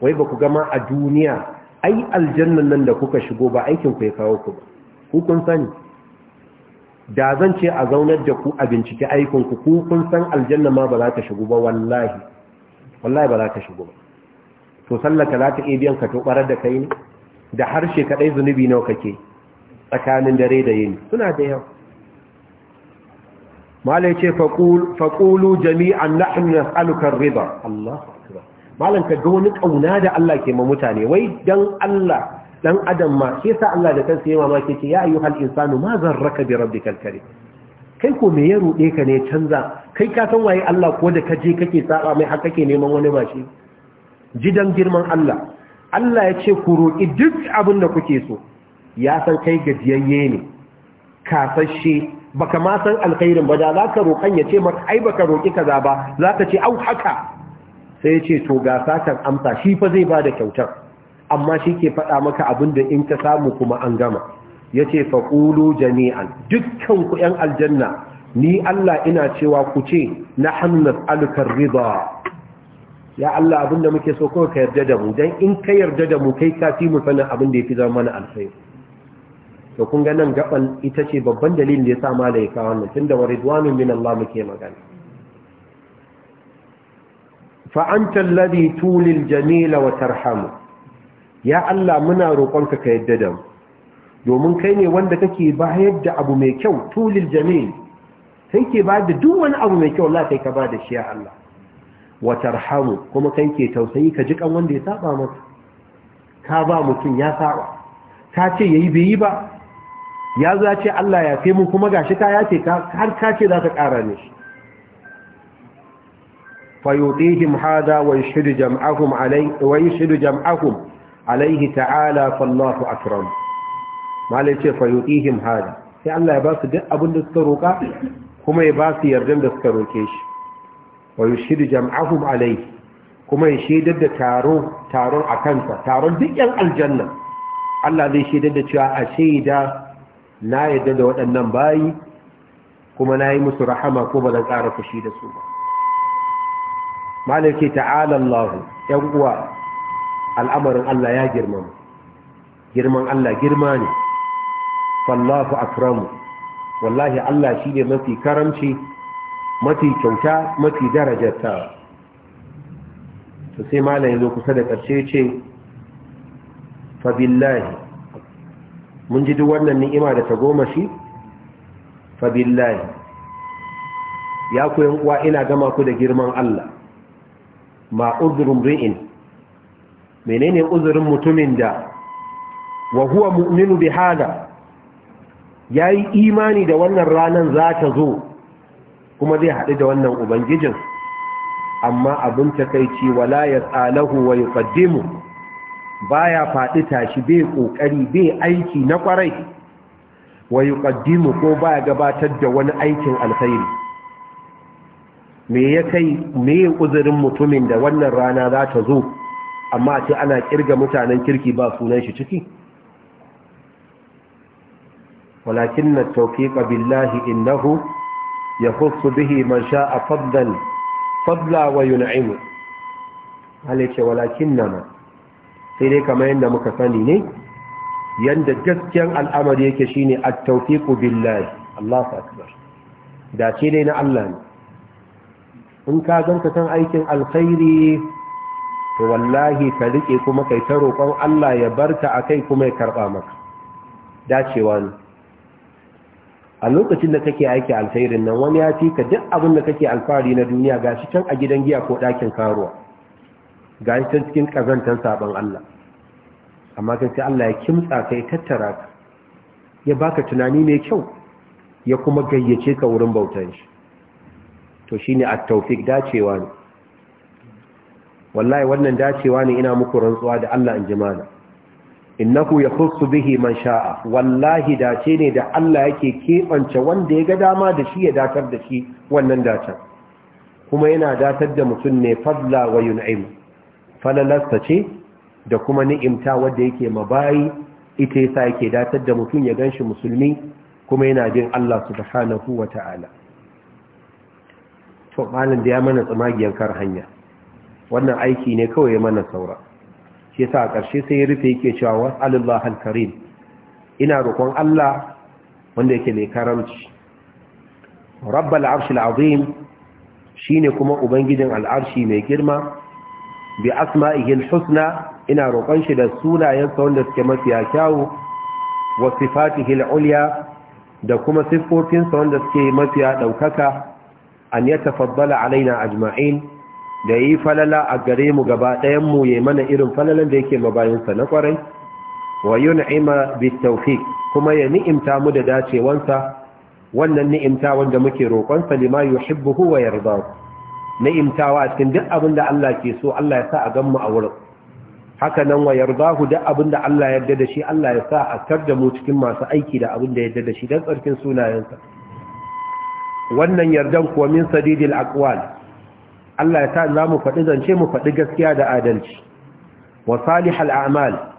wai ba ku gama a duniya ai aljannan nan da kuka shigo ba aikin ku ya kawo ku ba ku kun sani da zan ce a zaunar da ku a bincike aikin ku ku kun san aljanna ma ba za ta shigo ba wallahi wallahi ba za ta shigo ba to sallaka za ta iya biyan ka to barar da kai ne da harshe kadai zunubi nawa kake tsakanin dare da yini suna da yawa malai ce faqulu jami'an nahnu nas'aluka ar-ridha Allahu akbar malam ka ga wani kauna da Allah ke ma mutane wai dan Allah dan adam ma shi yasa Allah da kansa yayi mamaki ce ya ayyuhal insanu ma zarraka bi rabbikal karim kai ko me ya rude ka ne canza kai ka san waye Allah ko da kaje kake saba mai har kake neman wani bashi jidan girman Allah Allah ya ce ku roki duk abin da kuke so ya san kai gajiyayye ne kasashe baka ma san alkhairin ba da zaka roƙan ya ce maka ai baka roki kaza ba zaka ce au haka sai ya ce to ga satan amsa shi fa zai ba da kyautar amma shi ke faɗa maka abin da in ka samu kuma an gama ya ce faƙulu jami'an dukkan ku 'yan aljanna ni Allah ina cewa ku ce na hannun alukar riba ya Allah abin da muke so ka yarda da mu don in ka yarda da mu kai ka fi mu sanin abin da ya fi zama mana alfai to kun ga nan gaban ita ce babban dalilin da ya sa mala ya kawo wannan wa ridwanun min Allah muke magana fa anta alladhi tulil jamila wa tarhamu ya Allah muna roƙonka ka yadda da domin kai ne wanda kake bayar da abu mai kyau tulil jamil kai ke bayar da duk wani abu mai kyau Allah kai ka ba shi ya Allah wa tarhamu kuma kai ke tausayi ka ji kan wanda ya saba maka ka ba mutum ya saba ka ce yayi bai yi ba ya zo ce Allah ya kai mu kuma gashi ka ya ce har ka ce za ka ƙara ne shi فيطيهم هذا ويشهد جمعهم عليه ويشهد جمعهم عليه تعالى فالله أكرم ما ليش فيطيهم هذا sai Allah ya ba su duk abin da suka roƙa kuma ya ba su da suka roƙe shi wa yushidu jam'ahum alai kuma ya shaidar da taron taron a kansa taron duk yan aljanna Allah zai shaidar da cewa a shaida na yarda da waɗannan bayi kuma na yi musu rahama ko ba zan ƙara fushi da su ba malam ke ta'ala Allah yan uwa al'amarin Allah ya girma girman Allah girma ne fallahu akramu wallahi Allah shine mafi karamci mafi kyauta mafi darajarta to sai malam yazo kusa da karshe ce fa billahi mun ji duk wannan ni'ima da ta goma shi fa billahi ya ku yan uwa ina gama ku da girman Allah ma uzurin ri'in menene uzurin mutumin da wa huwa mu'minu bi hada yayi imani da wannan ranan za ta zo kuma zai haɗu da wannan ubangijin amma abin takeici wala yasalahu wa yuqaddimu baya faɗi tashi bai kokari bai aiki na kwarai wa yuqaddimu ko baya gabatar da wani aikin alkhairi me ya kai me uzurin mutumin da wannan rana za ta zo amma ce ana kirga mutanen kirki ba sunan shi ciki walakin na taufiƙa billahi innahu ya husu bihi man sha'a fadlan fadla wa yun'imu halice walakin na ma sai dai kamar yadda muka sani ne yadda gaskiyan al'amari yake shine a tawfiqu billahi Allahu akbar da ce dai na Allah ne in ka ganka kan aikin alkhairi to wallahi ka rike kuma kai ta roƙon Allah ya barka akai kuma ya karba maka dacewa ne a lokacin da kake aiki alkhairin nan wani ya ci ka duk abin da kake alfahari na duniya gashi can a gidan giya ko ɗakin karuwa gashi can cikin kazantar sabon Allah amma kan sai Allah ya kimtsa kai tattara ka ya baka tunani mai kyau ya kuma gayyace ka wurin bautan shi to shine a taufik dacewa ne wallahi wannan dacewa ne ina muku rantsuwa da Allah in jimana innahu yakhussu bihi man sha'a wallahi dace ne da Allah yake kebance wanda ya ga dama da shi ya datar da shi wannan datar kuma yana datar da mutum ne fadla wa yun'im falalasta ce da kuma ni'imta wanda yake mabayi ita yasa yake datar da mutum ya ganshi musulmi kuma yana jin Allah subhanahu ta'ala. to malin da ya mana tsamagiyar kar hanya wannan aiki ne kawai ya mana saura shi yasa a ƙarshe sai ya rufe yake cewa was'alullah al ina roƙon Allah wanda yake mai karamci rabbal arshi al shine kuma ubangijin al'arshi mai girma bi asma'ihi al-husna ina roƙon shi da sunayensa wanda suke mafiya kyawu wa sifatihi al da kuma siffofinsa wanda suke mafiya ɗaukaka an ya tafaddala alaina ajma'in da yi falala a gare mu gaba ɗayan ya mana irin falalan da yake mabayinsa na kwarai wa yun'ima bitaufik kuma ya ni'imta mu da dacewansa wannan ni'imta wanda muke roƙonsa lima yuhibbuhu wa yardahu ni'imtawa a cikin duk abin da Allah ke so Allah ya sa a gan mu a wurin haka nan wa yardahu duk abin da Allah ya yarda da shi Allah ya sa a tar da mu cikin masu aiki da abin da ya yarda da shi dan tsarkin sunayensa wannan yardan kuwa min sadidil aqwal Allah ya sa za mu faɗi zance mu faɗi gaskiya da adalci wa salihal a'mal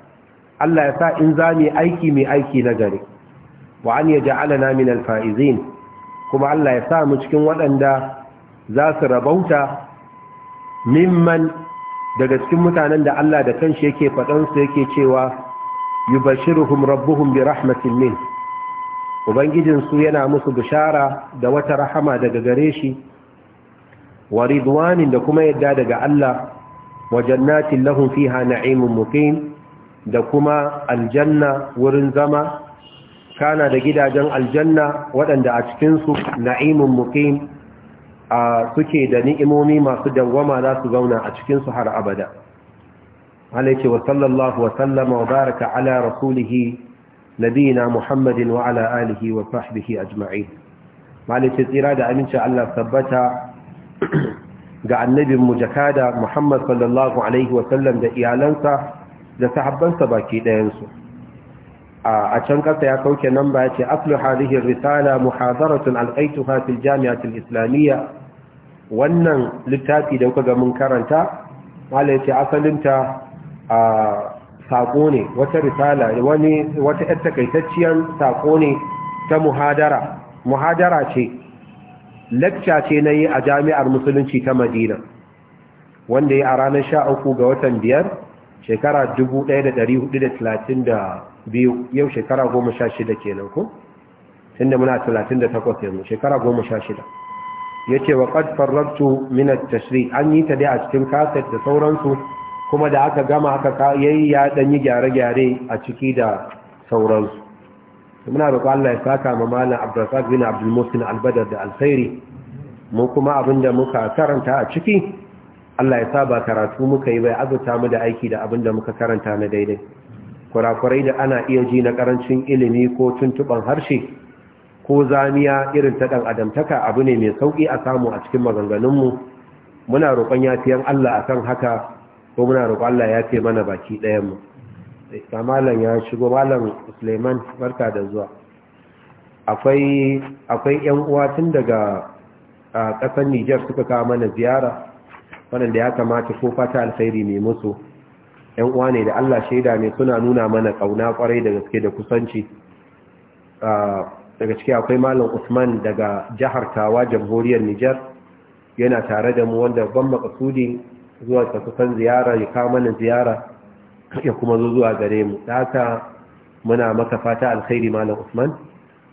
Allah ya sa in za mu aiki mai aiki na gari wa an yaj'alana min al-faizin kuma Allah ya sa mu cikin waɗanda za su rabauta mimman daga cikin mutanen da Allah da kanshi yake faɗansu yake cewa yubashiruhum rabbuhum bi rahmatin min ubangijinsu yana musu bishara da wata rahama daga gare shi wa ridwanin da kuma yadda daga Allah wa jannatin lahum fiha na'imun muqim da kuma aljanna wurin zama kana da gidajen aljanna waɗanda a cikin su na'imun muqim a suke da ni'imomi masu dangwama za su zauna a cikin su har abada alaihi wa sallallahu wa sallama wa baraka ala rasulihi nabiyina muhammadin wa ala alihi wa sahbihi ajma'in malice tsira da aminci Allah tabbata ga annabin mu jakada muhammad sallallahu alaihi wa sallam da iyalansa da sahabbansa baki ɗayansu a can ƙasa ya sauke nan ba ya ce aslu hadihin risala muhadaratun alƙaituha fil jami'atul islamiyya wannan littafi da kuka ga mun karanta mala asalinta a saƙo ne wata risala wani wata ƴar takaitacciyar saƙo ne ta muhadara muhadara ce lecture ce na yi a jami'ar musulunci ta madina wanda ya a ranar sha uku ga watan biyar shekara 1432 yau shekara goma sha shida kenan ku. tunda muna 38 yanzu shekara goma 16 yace wa qad farrabtu minar tashri an yi ta dai a cikin kaset da sauransu kuma da aka gama aka yayi ya dan yi gyare-gyare a ciki da sauransu muna roƙon Allah ya saka ma malam Abdulrazak bin Abdul Musin Albadar da Al-Sayri mu kuma abinda muka karanta a ciki Allah ya sa ba karatu muka yi bai azuta mu da aiki da abinda muka karanta na daidai kurakurai da ana iya ji na karancin ilimi ko tuntuban harshe ko zamiya irin ta ɗan adamtaka abu ne mai sauki a samu a cikin maganganunmu muna roƙon yafiyan Allah akan haka ko muna roƙo Allah ya ce mana baki ɗayan mu ta malam ya shigo malam Suleiman barka da zuwa akwai akwai ƴan uwa tun daga ƙasar Niger suka kawo mana ziyara wanda ya kamata ko fata alkhairi ne musu ƴan uwa ne da Allah shaida ne suna nuna mana kauna kwarai da gaske da kusanci daga ciki akwai malam Usman daga jihar Tawa jamhuriyar Niger yana tare da mu wanda ban makasudi zuwa ta ziyara ya kama mana ziyara ya kuma zo zuwa gare mu da haka muna maka fata alkhairi malam usman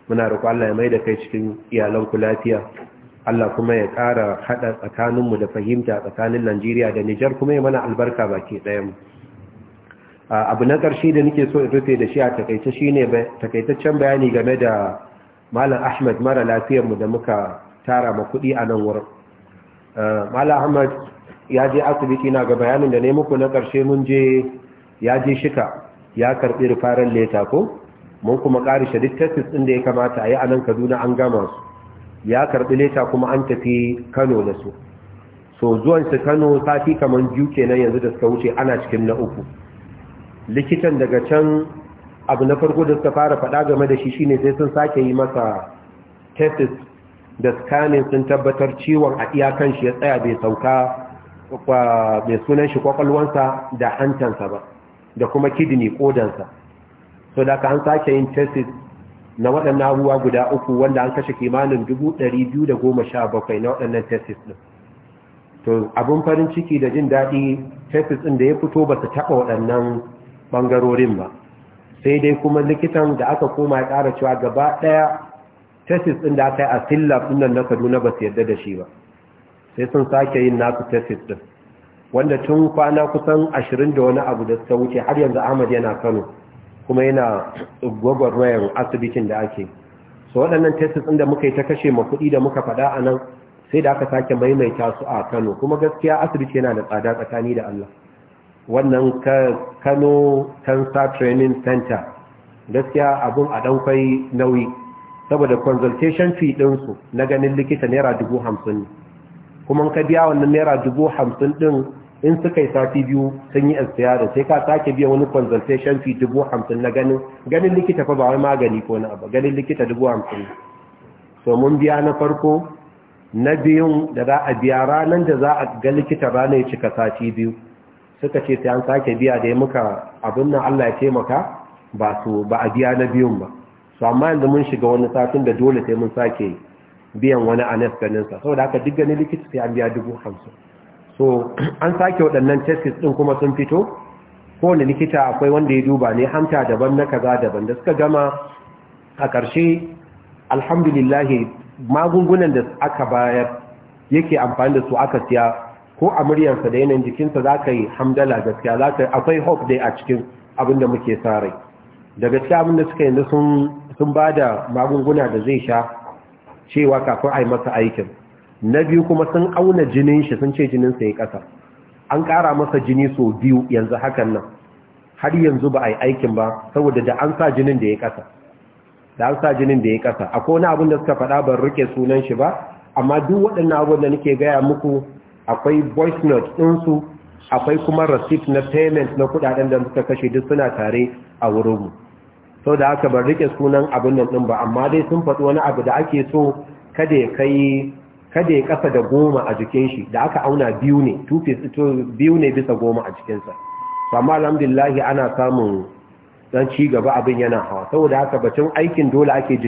muna roƙo Allah ya mai da kai cikin iyalanku lafiya Allah kuma ya ƙara haɗa tsakaninmu da fahimta tsakanin Najeriya da Nijar kuma ya mana albarka baki ɗayan abu na ƙarshe da nake so in rufe da shi a takaice shine takaitaccen bayani game da malam Ahmad mara mu da muka tara ma kuɗi a nan wurin malam Ahmad ya je asibiti na ga bayanin da ne muku na ƙarshe mun je ya je shika ya karɓi rufaren leta ko mun kuma ƙari duk tesis ɗin da ya kamata a yi a nan kaduna an gama su ya karɓi leta kuma an tafi kano da su so su kano sati kamar biyu kenan yanzu da suka wuce ana cikin na uku likitan daga can abu na farko da suka fara faɗa game da shi shine sai sun sake yi masa Tesis da scanning sun tabbatar ciwon a iyakan shi ya tsaya bai sauka mai sunan shi kwakwalwansa da hantansa ba da kuma kidini kodansa so da ka an sake yin tesis na waɗannan ruwa guda uku wanda an kashe kimanin dubu biyu da goma sha bakwai na waɗannan tesis ɗin to abin farin ciki da jin daɗi tesis ɗin da ya fito ba su taɓa waɗannan ɓangarorin ba sai dai kuma likitan da aka koma ya ƙara cewa gaba ɗaya tesis ɗin da aka yi a sillab ɗin na kaduna ba su yarda da shi ba sai sun sake yin nasu tesis din wanda tun kwana kusan ashirin da wani abu da suka wuce har yanzu ahmad yana kano kuma yana wayan asibitin da ake so waɗannan tesis ɗin da muka yi ta kashe ma kuɗi da muka faɗa a nan sai da aka sake maimaita su a kano kuma gaskiya asibiti yana da tsada tsakani da allah wannan kano cancer training center gaskiya abun a ɗan kwai nauyi saboda consultation fee ɗinsu na ganin likita naira dubu hamsin ne kuma ka biya wannan naira dubu hamsin ɗin in suka yi sati biyu sun yi da sai ka sake biya wani consultation fee dubu hamsin na ganin ganin likita fa ba wai magani ko na ba ganin likita dubu hamsin so mun biya na farko na biyun da za a biya ranar da za a ga likita ranar ya cika sati biyu suka ce sai an sake biya da ya muka abin nan Allah ya taimaka ba su ba a biya na biyun ba so amma yanzu mun shiga wani satin da dole sai mun sake yi biyan wani anas ganinsa saboda haka duk ganin likita sai an biya dubu hamsin so an sake waɗannan testis ɗin kuma sun fito kowane likita akwai wanda ya duba ne hanta daban na kaza daban da suka gama a ƙarshe alhamdulillahi magungunan da aka bayar yake amfani da su aka siya ko a muryarsa da yanayin jikinsa za ka yi hamdala gaskiya za ka akwai hope dai a cikin abin da muke sa rai da gaskiya abin da suka yanzu sun ba da magunguna da zai sha cewa kafin a yi masa aikin na biyu kuma sun auna jinin shi sun ce jininsa ya kasa an kara masa jini sau biyu yanzu hakan nan har yanzu ba a yi aikin ba saboda da an sa jinin da ya ƙasa da an sa jinin da ya kasa akwai wani abin da suka faɗa ban rike sunan shi ba amma duk waɗannan abin da nake gaya muku akwai voice note ɗinsu akwai kuma receipt na payment na kuɗaɗen da suka kashe duk suna tare a wurinmu sau da haka ban rike sunan abin nan ɗin ba amma dai sun faɗi wani abu da ake so kada ya kai kada ya kasa da goma a jikin shi da aka auna biyu ne biyu ne bisa goma a jikinsa amma alhamdulillahi ana samun dan ci gaba abin yana hawa saboda haka bacin aikin dole ake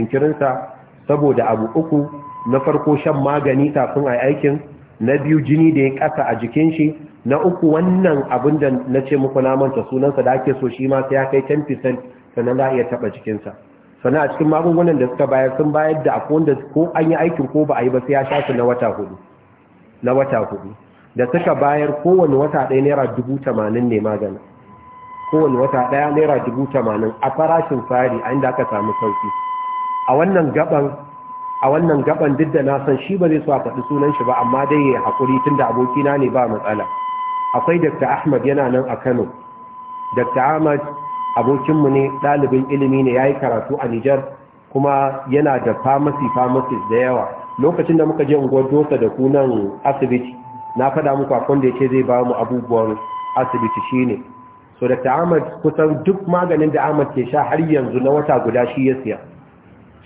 sa, saboda abu uku na farko shan magani kafin a aikin na biyu jini da ya kasa a jikin shi na uku wannan abin da na ce muku namanta sunansa da ake so shi ma sai ya kai 10% sannan za a iya taɓa cikinsa sannan a cikin magungunan da suka bayar sun bayar da akwai wanda ko an yi aikin ko ba a yi ba sai ya sha su na wata hudu na wata hudu da suka bayar kowane wata ɗaya naira dubu tamanin ne magana, kowane wata ɗaya naira dubu tamanin a farashin fari a inda aka samu sauki a wannan gaban a wannan gaban duk da na san shi ba zai so a faɗi sunan shi ba amma dai ya haƙuri tunda abokina ne ba matsala akwai dr ahmad yana nan a kano dr ahmad abokinmu ne ɗalibin ilimi ne ya yi karatu a nijar kuma yana da famasi famasi da yawa lokacin da muka je unguwar dosa da kunan asibiti na faɗa muku a da ya ce zai ba mu abubuwan asibiti ne so da ahmad kusan duk maganin da ahmad ke sha har yanzu na wata guda shi ya siya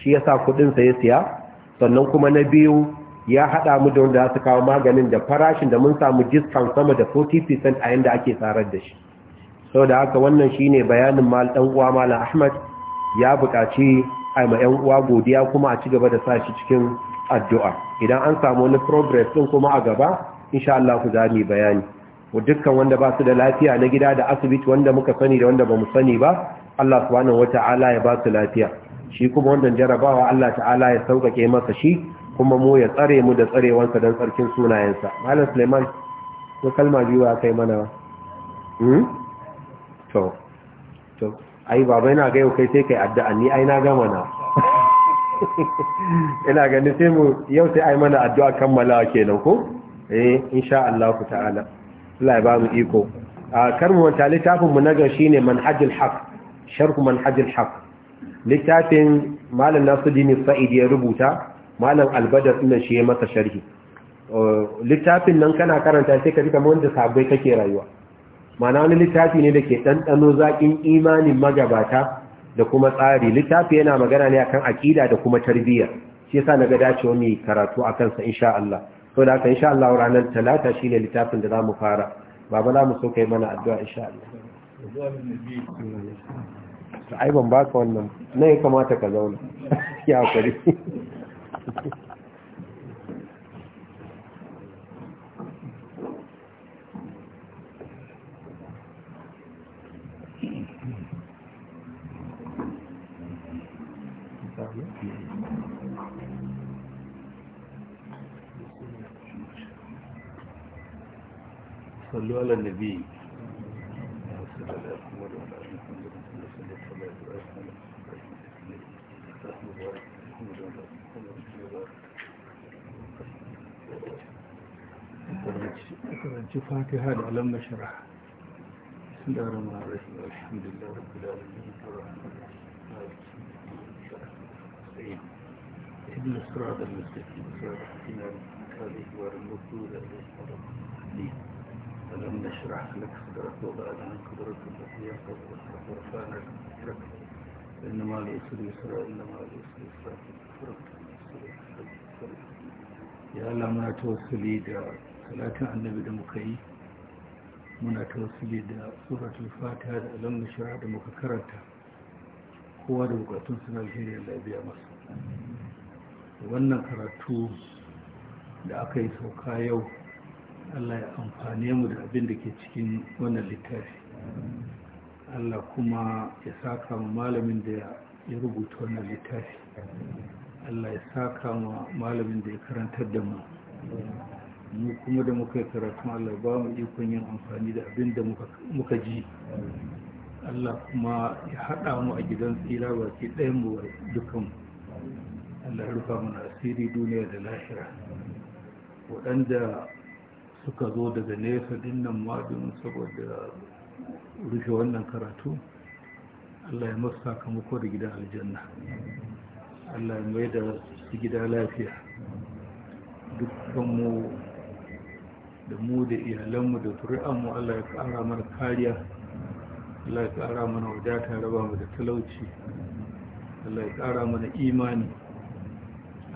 shi ya sa kudinsa ya siya sannan kuma na biyu ya haɗa mu da wanda su kawo maganin da farashin da mun samu discount sama da 40% a yanda ake tsarar da shi sau da haka wannan shi ne bayanin mal ɗan uwa malam ahmad ya buƙaci a ma ‘yan godiya kuma a ci gaba da sa shi cikin addu'a idan an samu wani progress ɗin kuma a gaba insha Allah ku za mu bayani Wa dukkan wanda ba su da lafiya na gida da asibiti wanda muka sani da wanda ba mu sani ba Allah subhanahu wata'ala ya ba su lafiya shi kuma wanda jarabawa Allah ta'ala ya sauƙaƙe masa shi kuma mu ya tsare mu da tsarewansa don tsarkin sunayensa malam suleiman ko kalma biyu a kai mana hmm? to to ai baba yana ga yau kai sai kai addu'a ni ai na ga mana ina ganin sai mu yau sai ai mana addu'a kammala kenan ko eh insha Allah ta'ala Allah ya ba mu iko a ah, mu wata littafin mu na ga shine manhajul haq sharh manhajul haq littafin malam Nasiruddin Sa'id ya rubuta malam Albadar din shi ya masa sharhi oh, littafin nan kana karanta sai ka ji kamar wanda sabai kake rayuwa mana wani littafi ne da ke ɗanɗano zaƙin imanin magabata da kuma tsari littafi yana magana ne akan aƙida da kuma tarbiyya shi yasa na ga dacewa mai karatu a kansa insha Allah to da aka insha Allah ranar talata shine littafin da za mu fara baba za mu so kai mana addu'a insha Allah ai ban baka wannan kamata ka zauna ya kwari صلوا على النبي karanci fatiha da alam nashara sun da rama rashin alhamdulillah rabbi lalibin ابن الصراط المستقيم صراط الذين أنعمت عليهم غير المغضوب عليهم ولا الضالين ألم نشرح لك صدرك وضعنا قدرك التي يقف وصرف ورفعنا لك إنما ليسر يسرى إنما ليسر يسرى فرق يا الله منا توصلي دا صلاة النبي دا مكي منا توصلي دا سورة الفاتحة ألم نشرح دا مكررتها kowa da bukatun suna alheri Allah ya biya masa wannan karatu da aka yi sauka yau Allah ya amfane mu da abin da ke cikin wannan littafi Allah kuma ya saka mu malamin da ya rubuta wannan littafi Allah ya saka mu malamin da ya karantar da mu mu kuma da muka karatu Allah ba mu ikon yin amfani da abin da muka ji Allah kuma ya haɗa mu a gidan tsira baki ɗayan mu dukan Allah ya rufa mana asiri duniya da lahira waɗanda suka zo daga nesa dinnan madin saboda rufe wannan karatu allah ya masu sakamako da gidan aljanna allah ya mai da su gida lafiya dukkanmu da mu da iyalanmu da turi'anmu allah ya kara mana kariya allah ya kara mana wadata raba mu da talauci allah ya kara mana imani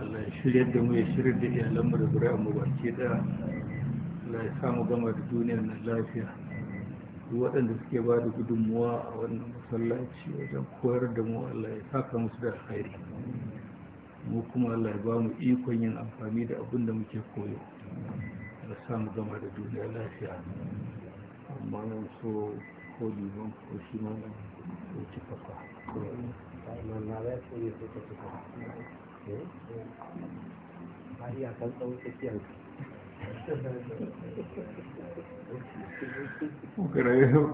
allah ya shirya da mu ya shirya da iyalanmu da turi'anmu ke daya Allah ya samu gama da duniyar nan lafiya duk waɗanda suke ba da gudunmuwa a wannan masallaci wajen koyar da mu Allah ya saka musu da alkhairi mu kuma Allah ya ba mu ikon yin amfani da abin da muke koyo da samu gama da duniya lafiya amma nan so ko liman ko shi ma nan ko ci fafa ko ka ba iya tsawon tsakiyar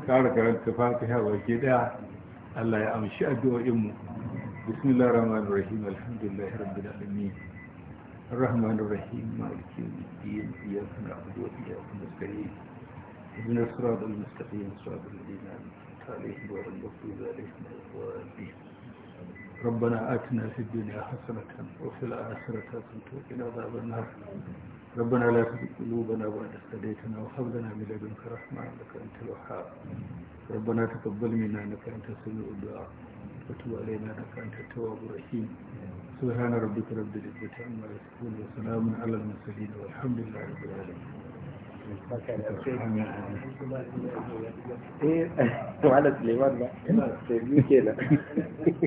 kara karanta fatiha wa gida Allah ya amshi addu'o'inmu bismillahir rahmanir rahim alhamdulillahi rabbil alamin الرحمن الرحيم مالك يوم الدين اياك نعبد واياك نستعين اهدنا الصراط المستقيم صراط الذين انعمت عليهم غير المغضوب عليهم ولا ربنا اتنا في الدنيا حسنه وفي الاخره حسنه وقنا عذاب النار ربنا لا تزغ قلوبنا بعد إذ هديتنا وهب لنا من لدنك رحمة إنك أنت الوهاب ربنا تقبل منا إنك أنت السميع الدعاء وتب علينا إنك أنت التواب الرحيم سبحان ربك رب العزة عما يصفون وسلام على المرسلين والحمد لله رب العالمين ايه وعلى سليمان بقى سيبني كده